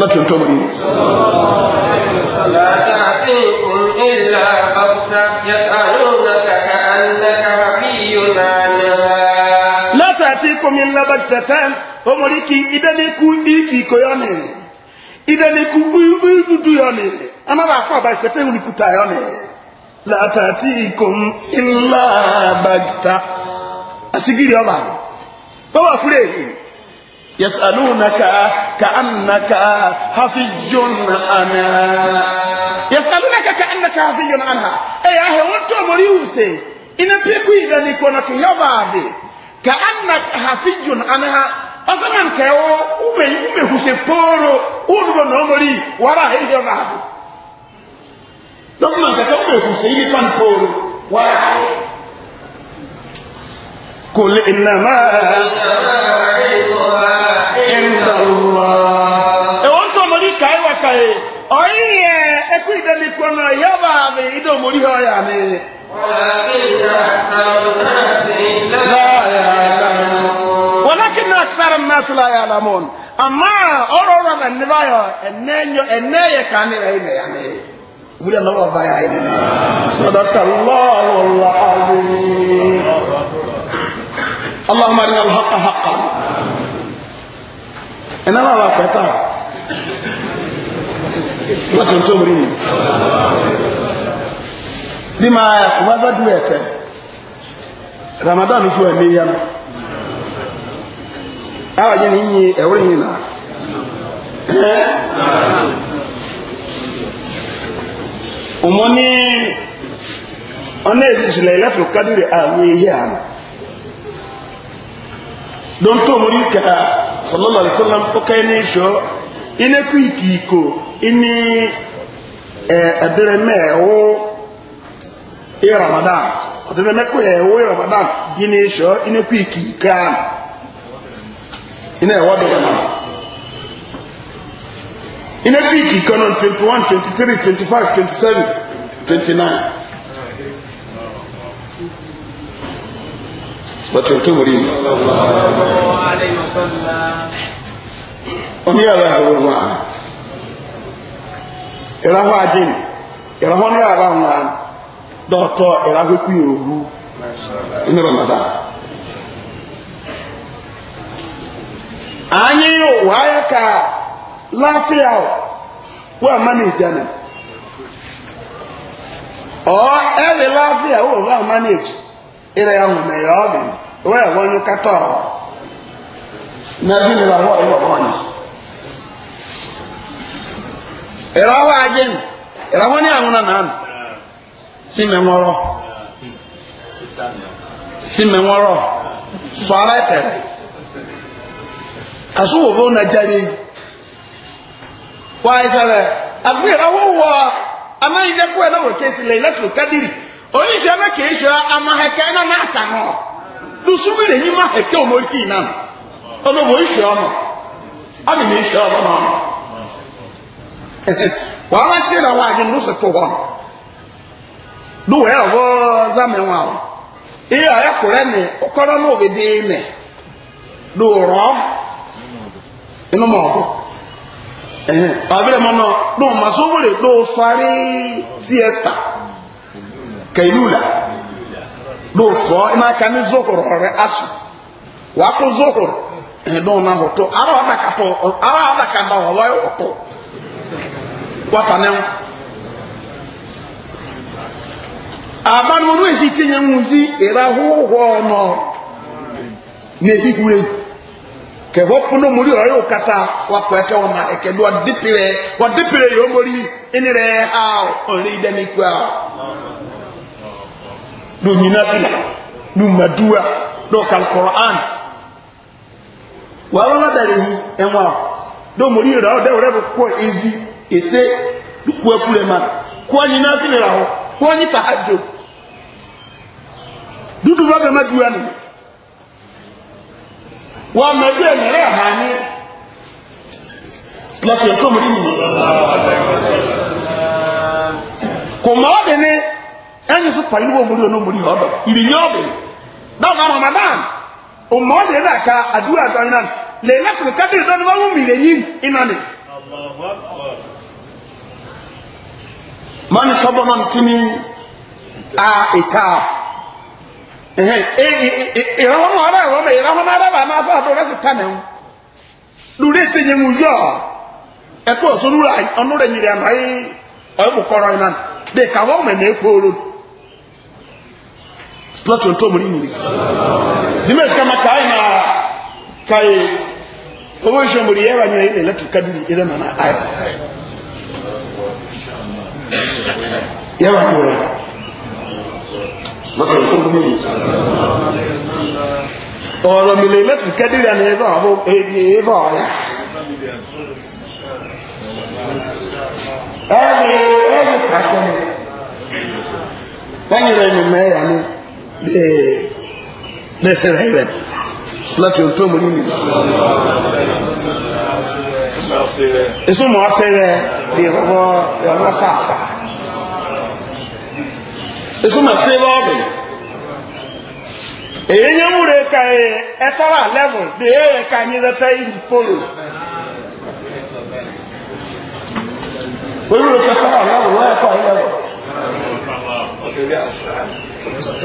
láti ọ̀tọ́ mọ̀ ní. látàtí kòmí ńlá bá tẹ̀tẹ̀ ọmọdéki ìdánikú ìkì kò yọ ni ìdánikú dúdú yọ ni anáwó akọ àbá ìpẹ́tẹ́ ìwúni kùtà yọ ni látàtí kòmí ńlá bá tẹ̀tẹ̀ asigiri ọba báwa kúrẹ́ yìí. يسألونك كأنك حفي عنها يسألونك كأنك حفي عنها أي أهي وانتو مريوسي إن بيكو إذا كونك يبابي كأنك حفي عنها أصلاً كيو أمي أمي هسيبورو أولو نومري ورا هي يبابي أصلاً كيو أمي هسيبورو ورا هي قل إنما عند الله ẹ̀wọ́n mọ̀rí káíwà káí ọ̀yìn yẹ ẹkú ìdẹ́nikọ́ náà yọba àmì ìdó mọ̀rí ọ̀yà mi. wọ́lákì náà sára náà sí láyé alamọ́n àmọ́ ọ̀rọ̀ ọ̀rọ̀ náà ní báyọ̀ ẹ̀nẹ́ yẹ ká ní ẹ̀yìn ẹ̀yà mi. wúlẹ̀ náà wà báyà ẹ̀yìn náà. sọ̀dọ̀tà lọ́ọ̀rọ̀ lọ́ọ̀rọ̀ اللهم ارنا الحق حقا ان انا لا فتاه láti ọjọ́ orí mi bí máa ẹ̀kùnmá bá dúró ẹ̀tẹ́ ramadan fún ẹ̀mí yá mi àwọn yẹn yìí ẹ̀wọ́ yìí nà ọmọ ní ọ̀nà ìsìlẹ̀ ilẹ̀fẹ̀ kádìrì àwọn èyí àná don tó mú rí kẹta sallallahu alaihi wasallam ó kẹ́ ní ìṣọ́ iné kú ìkì ìkò iní ẹ̀ẹ́dẹ̀rẹ̀ mẹ́ẹ̀wó ìyẹ ramadan ọ̀dẹ̀rẹ̀ mẹ́kọ̀ ẹ̀ẹ́wó ìyẹ ramadan yìí ní ìṣọ́ iné kú ìkì ìkà iná ẹ̀wọ́ dọ̀rọ̀ náà iné kú ìkì ìkà náà twenty one twenty three twenty five twenty seven twenty nine. bàtí òtún mú rí mi. oní ẹ̀rọ ẹ̀rọ wà ìràwọ̀ ni ìràwọ̀ ní àrà ńlá dọ̀tọ̀ ìràwọ̀ kú ìròwú inú rọ̀mọ̀dá. anyị waya ka láfíà wà mánà ìjánà ọ̀ ẹ̀rì láfíà wà mánà ìjánà ire ya ŋun ya ɔbi wo ya wɔnyu katɔ nabi ni wàhɔ yi wɔ wɔnyu ire wa agye mu ire wɔn ni ahona nan si mɛ ŋɔrɔ si mɛ ŋɔrɔ sɔɔla tɛrɛ aso wo fo na jaabi wa ayi sɛlɛ agbe awo wɔ amayi dɛ ko ɛna wɔ kesi lɛ ilẹ to kadiri oníṣẹ́ ẹgbẹ́ kìí ṣe amahẹkẹ náà náà kà náà lùsùmí lè yín mahẹkẹ omorikì náà ọlọ́wọ́ ìṣe ọmọ ọmọ mi ìṣe ọmọ náà wàá wá ṣe làwọn àjẹ ló sì tó wọn lùwẹ̀ ọ̀bọ zámẹ̀wá o iye ọ̀yẹ́kùrẹ́ ni ọkọ́rọ́ náà òbí dé mẹ́ lùrọ̀ inú mọ̀ ọ̀bọ ọ̀bẹ̀rẹ̀ mọ́ náà lùmọ̀ sówó lè lò siesta kailula do so ina kan zuhur ore asu wa ko zuhur do eh, na hoto ara ada ka to ara ada ka ba wa hoto wata ne aban mo nwe si tinye nwi era ho ho no ne bigure ke puno no muri oyo kata wa ko eke ona eke do dipire wa dipire yo mori inire ha o ri de mi kwa do nyinafila do madua do kalkoran wàá wọn dàrí ẹwọn do mori rà ọ dẹwọrẹ bẹ kọ ezi ese kú ẹkúrẹ ma kú ọ nyinafila rà ọ kú ọ nyita àjò dúdú fún abẹ́mẹ́ dúwà nù wọ́n mọ̀ ẹgbẹ́ mẹ́rẹ́ àhà ní lọ́fẹ̀ẹ́ tó mọ̀ kò mọ́ ọ́ dẹ̀ ẹni sọ pàyí wọ́n mú rí ọ̀nà múrí ọ̀dọ̀ ìrìnyẹ́ náà máa mọ̀ ọmọ ọ̀dẹ̀ náà ka àdúrà àgbà náà lè lẹ́kùn kábírì náà ni wọ́n mú mi rẹ̀ yín iná mọ́ni sọ́bọ̀ náà tún ní a ìka ìrànwọ́n ara ìrànwọ́n ìrànwọ́n ara bàá máa fọ́ àdúrà sí tánà ẹ̀hún lórí ètè yẹn mú yọ ẹ̀kọ́ ọ̀sọ́nù ọ̀nù rẹ̀ nyìrì àná ayé ọ̀yọ́ mú kọ́rọ̀ iná dè kàwọ́ mẹ́ni ẹ̀kọ́ olóòtú slatu nto muri ni dime kama kai na kai obo sho muri yawa ni ile latu kadiri ile na na ai yawa ni wewe latu nto muri ni ọ̀rọ̀ mi lè lẹ́tù kẹ́dìrì ní ẹbá ọ̀hún èdè ẹbá ẹni ẹni kàkọ́ mi lẹ́yìn ni mẹ́yà ni lẹ́sẹ̀ rẹ̀ rẹ̀ láti ohun tó mú nínú ìsúnmọ̀ ọ̀sẹ̀ rẹ̀ lè rọ́rọ́ ẹ̀rọ sàásà ìsúnmọ̀ sí lọ́ọ̀bì èyí yẹn mú rẹ̀ ka ẹ̀tọ́rà lẹ́bùn bí èyí rẹ̀ ka yín lẹ́tẹ́ ìlú polo olùrẹ̀kẹ́ tọ́rà lẹ́bùn wọ́n ẹ̀kọ́ ìlẹ́bùn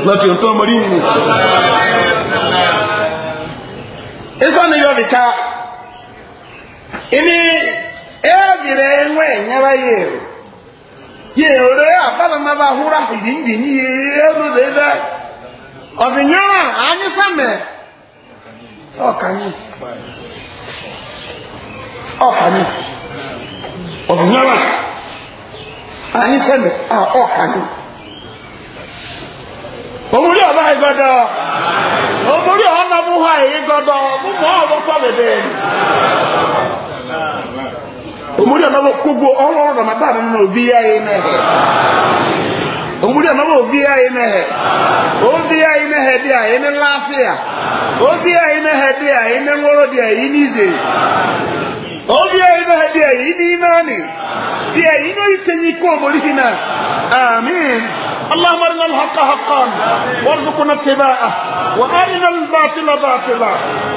láti ọ̀tọ́ ọmọdé yìí ẹsọ yọ bìka ẹni ẹbìrẹ ẹnwẹ ẹnyẹrẹ yìí yìí rẹ abalama bá húra yìnyín yìí ẹnu rẹ dẹ ọ̀bìnyẹrẹ anyisamẹ ọkànyìn ọkànyìn omori ọba ìgbọdọ omori ọna mú ha ìgbọdọ múmọ ọbọtọ bèbè omori ọna mú kógo ọlọrọ ramadan nínú òbí ya yìí mẹhẹ òbí ya yìí mẹhẹ òbí ya mẹhẹ ní láfíà òbí ya yìí mẹhẹ bí a ní ńwọrọ ní ìzè òbí ya yìí mẹhẹ bí a ní ìnáni bí ní oyún tẹ̀yìn اللهم ارنا الحق حقا وارزقنا اتباعه وارنا الباطل باطلا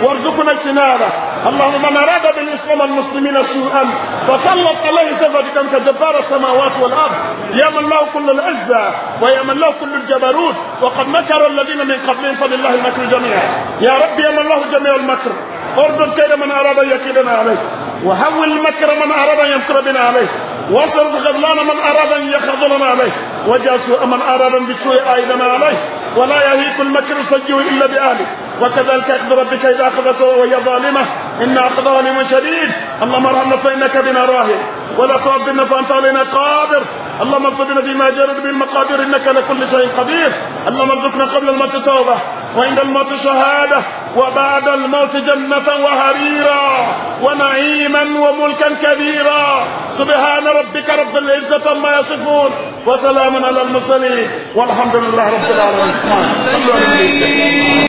وارزقنا اجتنابه اللهم من اراد بالاسلام المسلمين سوءا فسلط عليه سفتك انت جبار السماوات والارض يا من له كل العزه ويا من له كل الجبروت وقد مكر الذين من قبلهم فلله المكر جميعا يا رب يا من له جميع المكر اردد كيد من اراد ان يكيدنا عليه وهول مكر من اراد ان يمكر بنا عليه وصل خذلان من أراد أن يخضلنا عليه وجعل سوء من أراد بسوء آيدنا عليه ولا يهيق المكر سجيه إلا بأهله وكذلك أخذ ربك إذا أخذته وهي ظالمة إن أخذ ظالم شديد اللهم ارحمنا فإنك بنا راهب ولا تعذبنا فأنت علينا قادر اللهم ارزقنا فيما جرت به المقادير انك لكل شيء قدير اللهم ارزقنا قبل الموت توبه وعند الموت شهاده وبعد الموت جنة وهريرا ونعيما وملكا كبيرا سبحان ربك رب العزة ما يصفون وسلام على المرسلين والحمد لله رب العالمين صلوا على النبي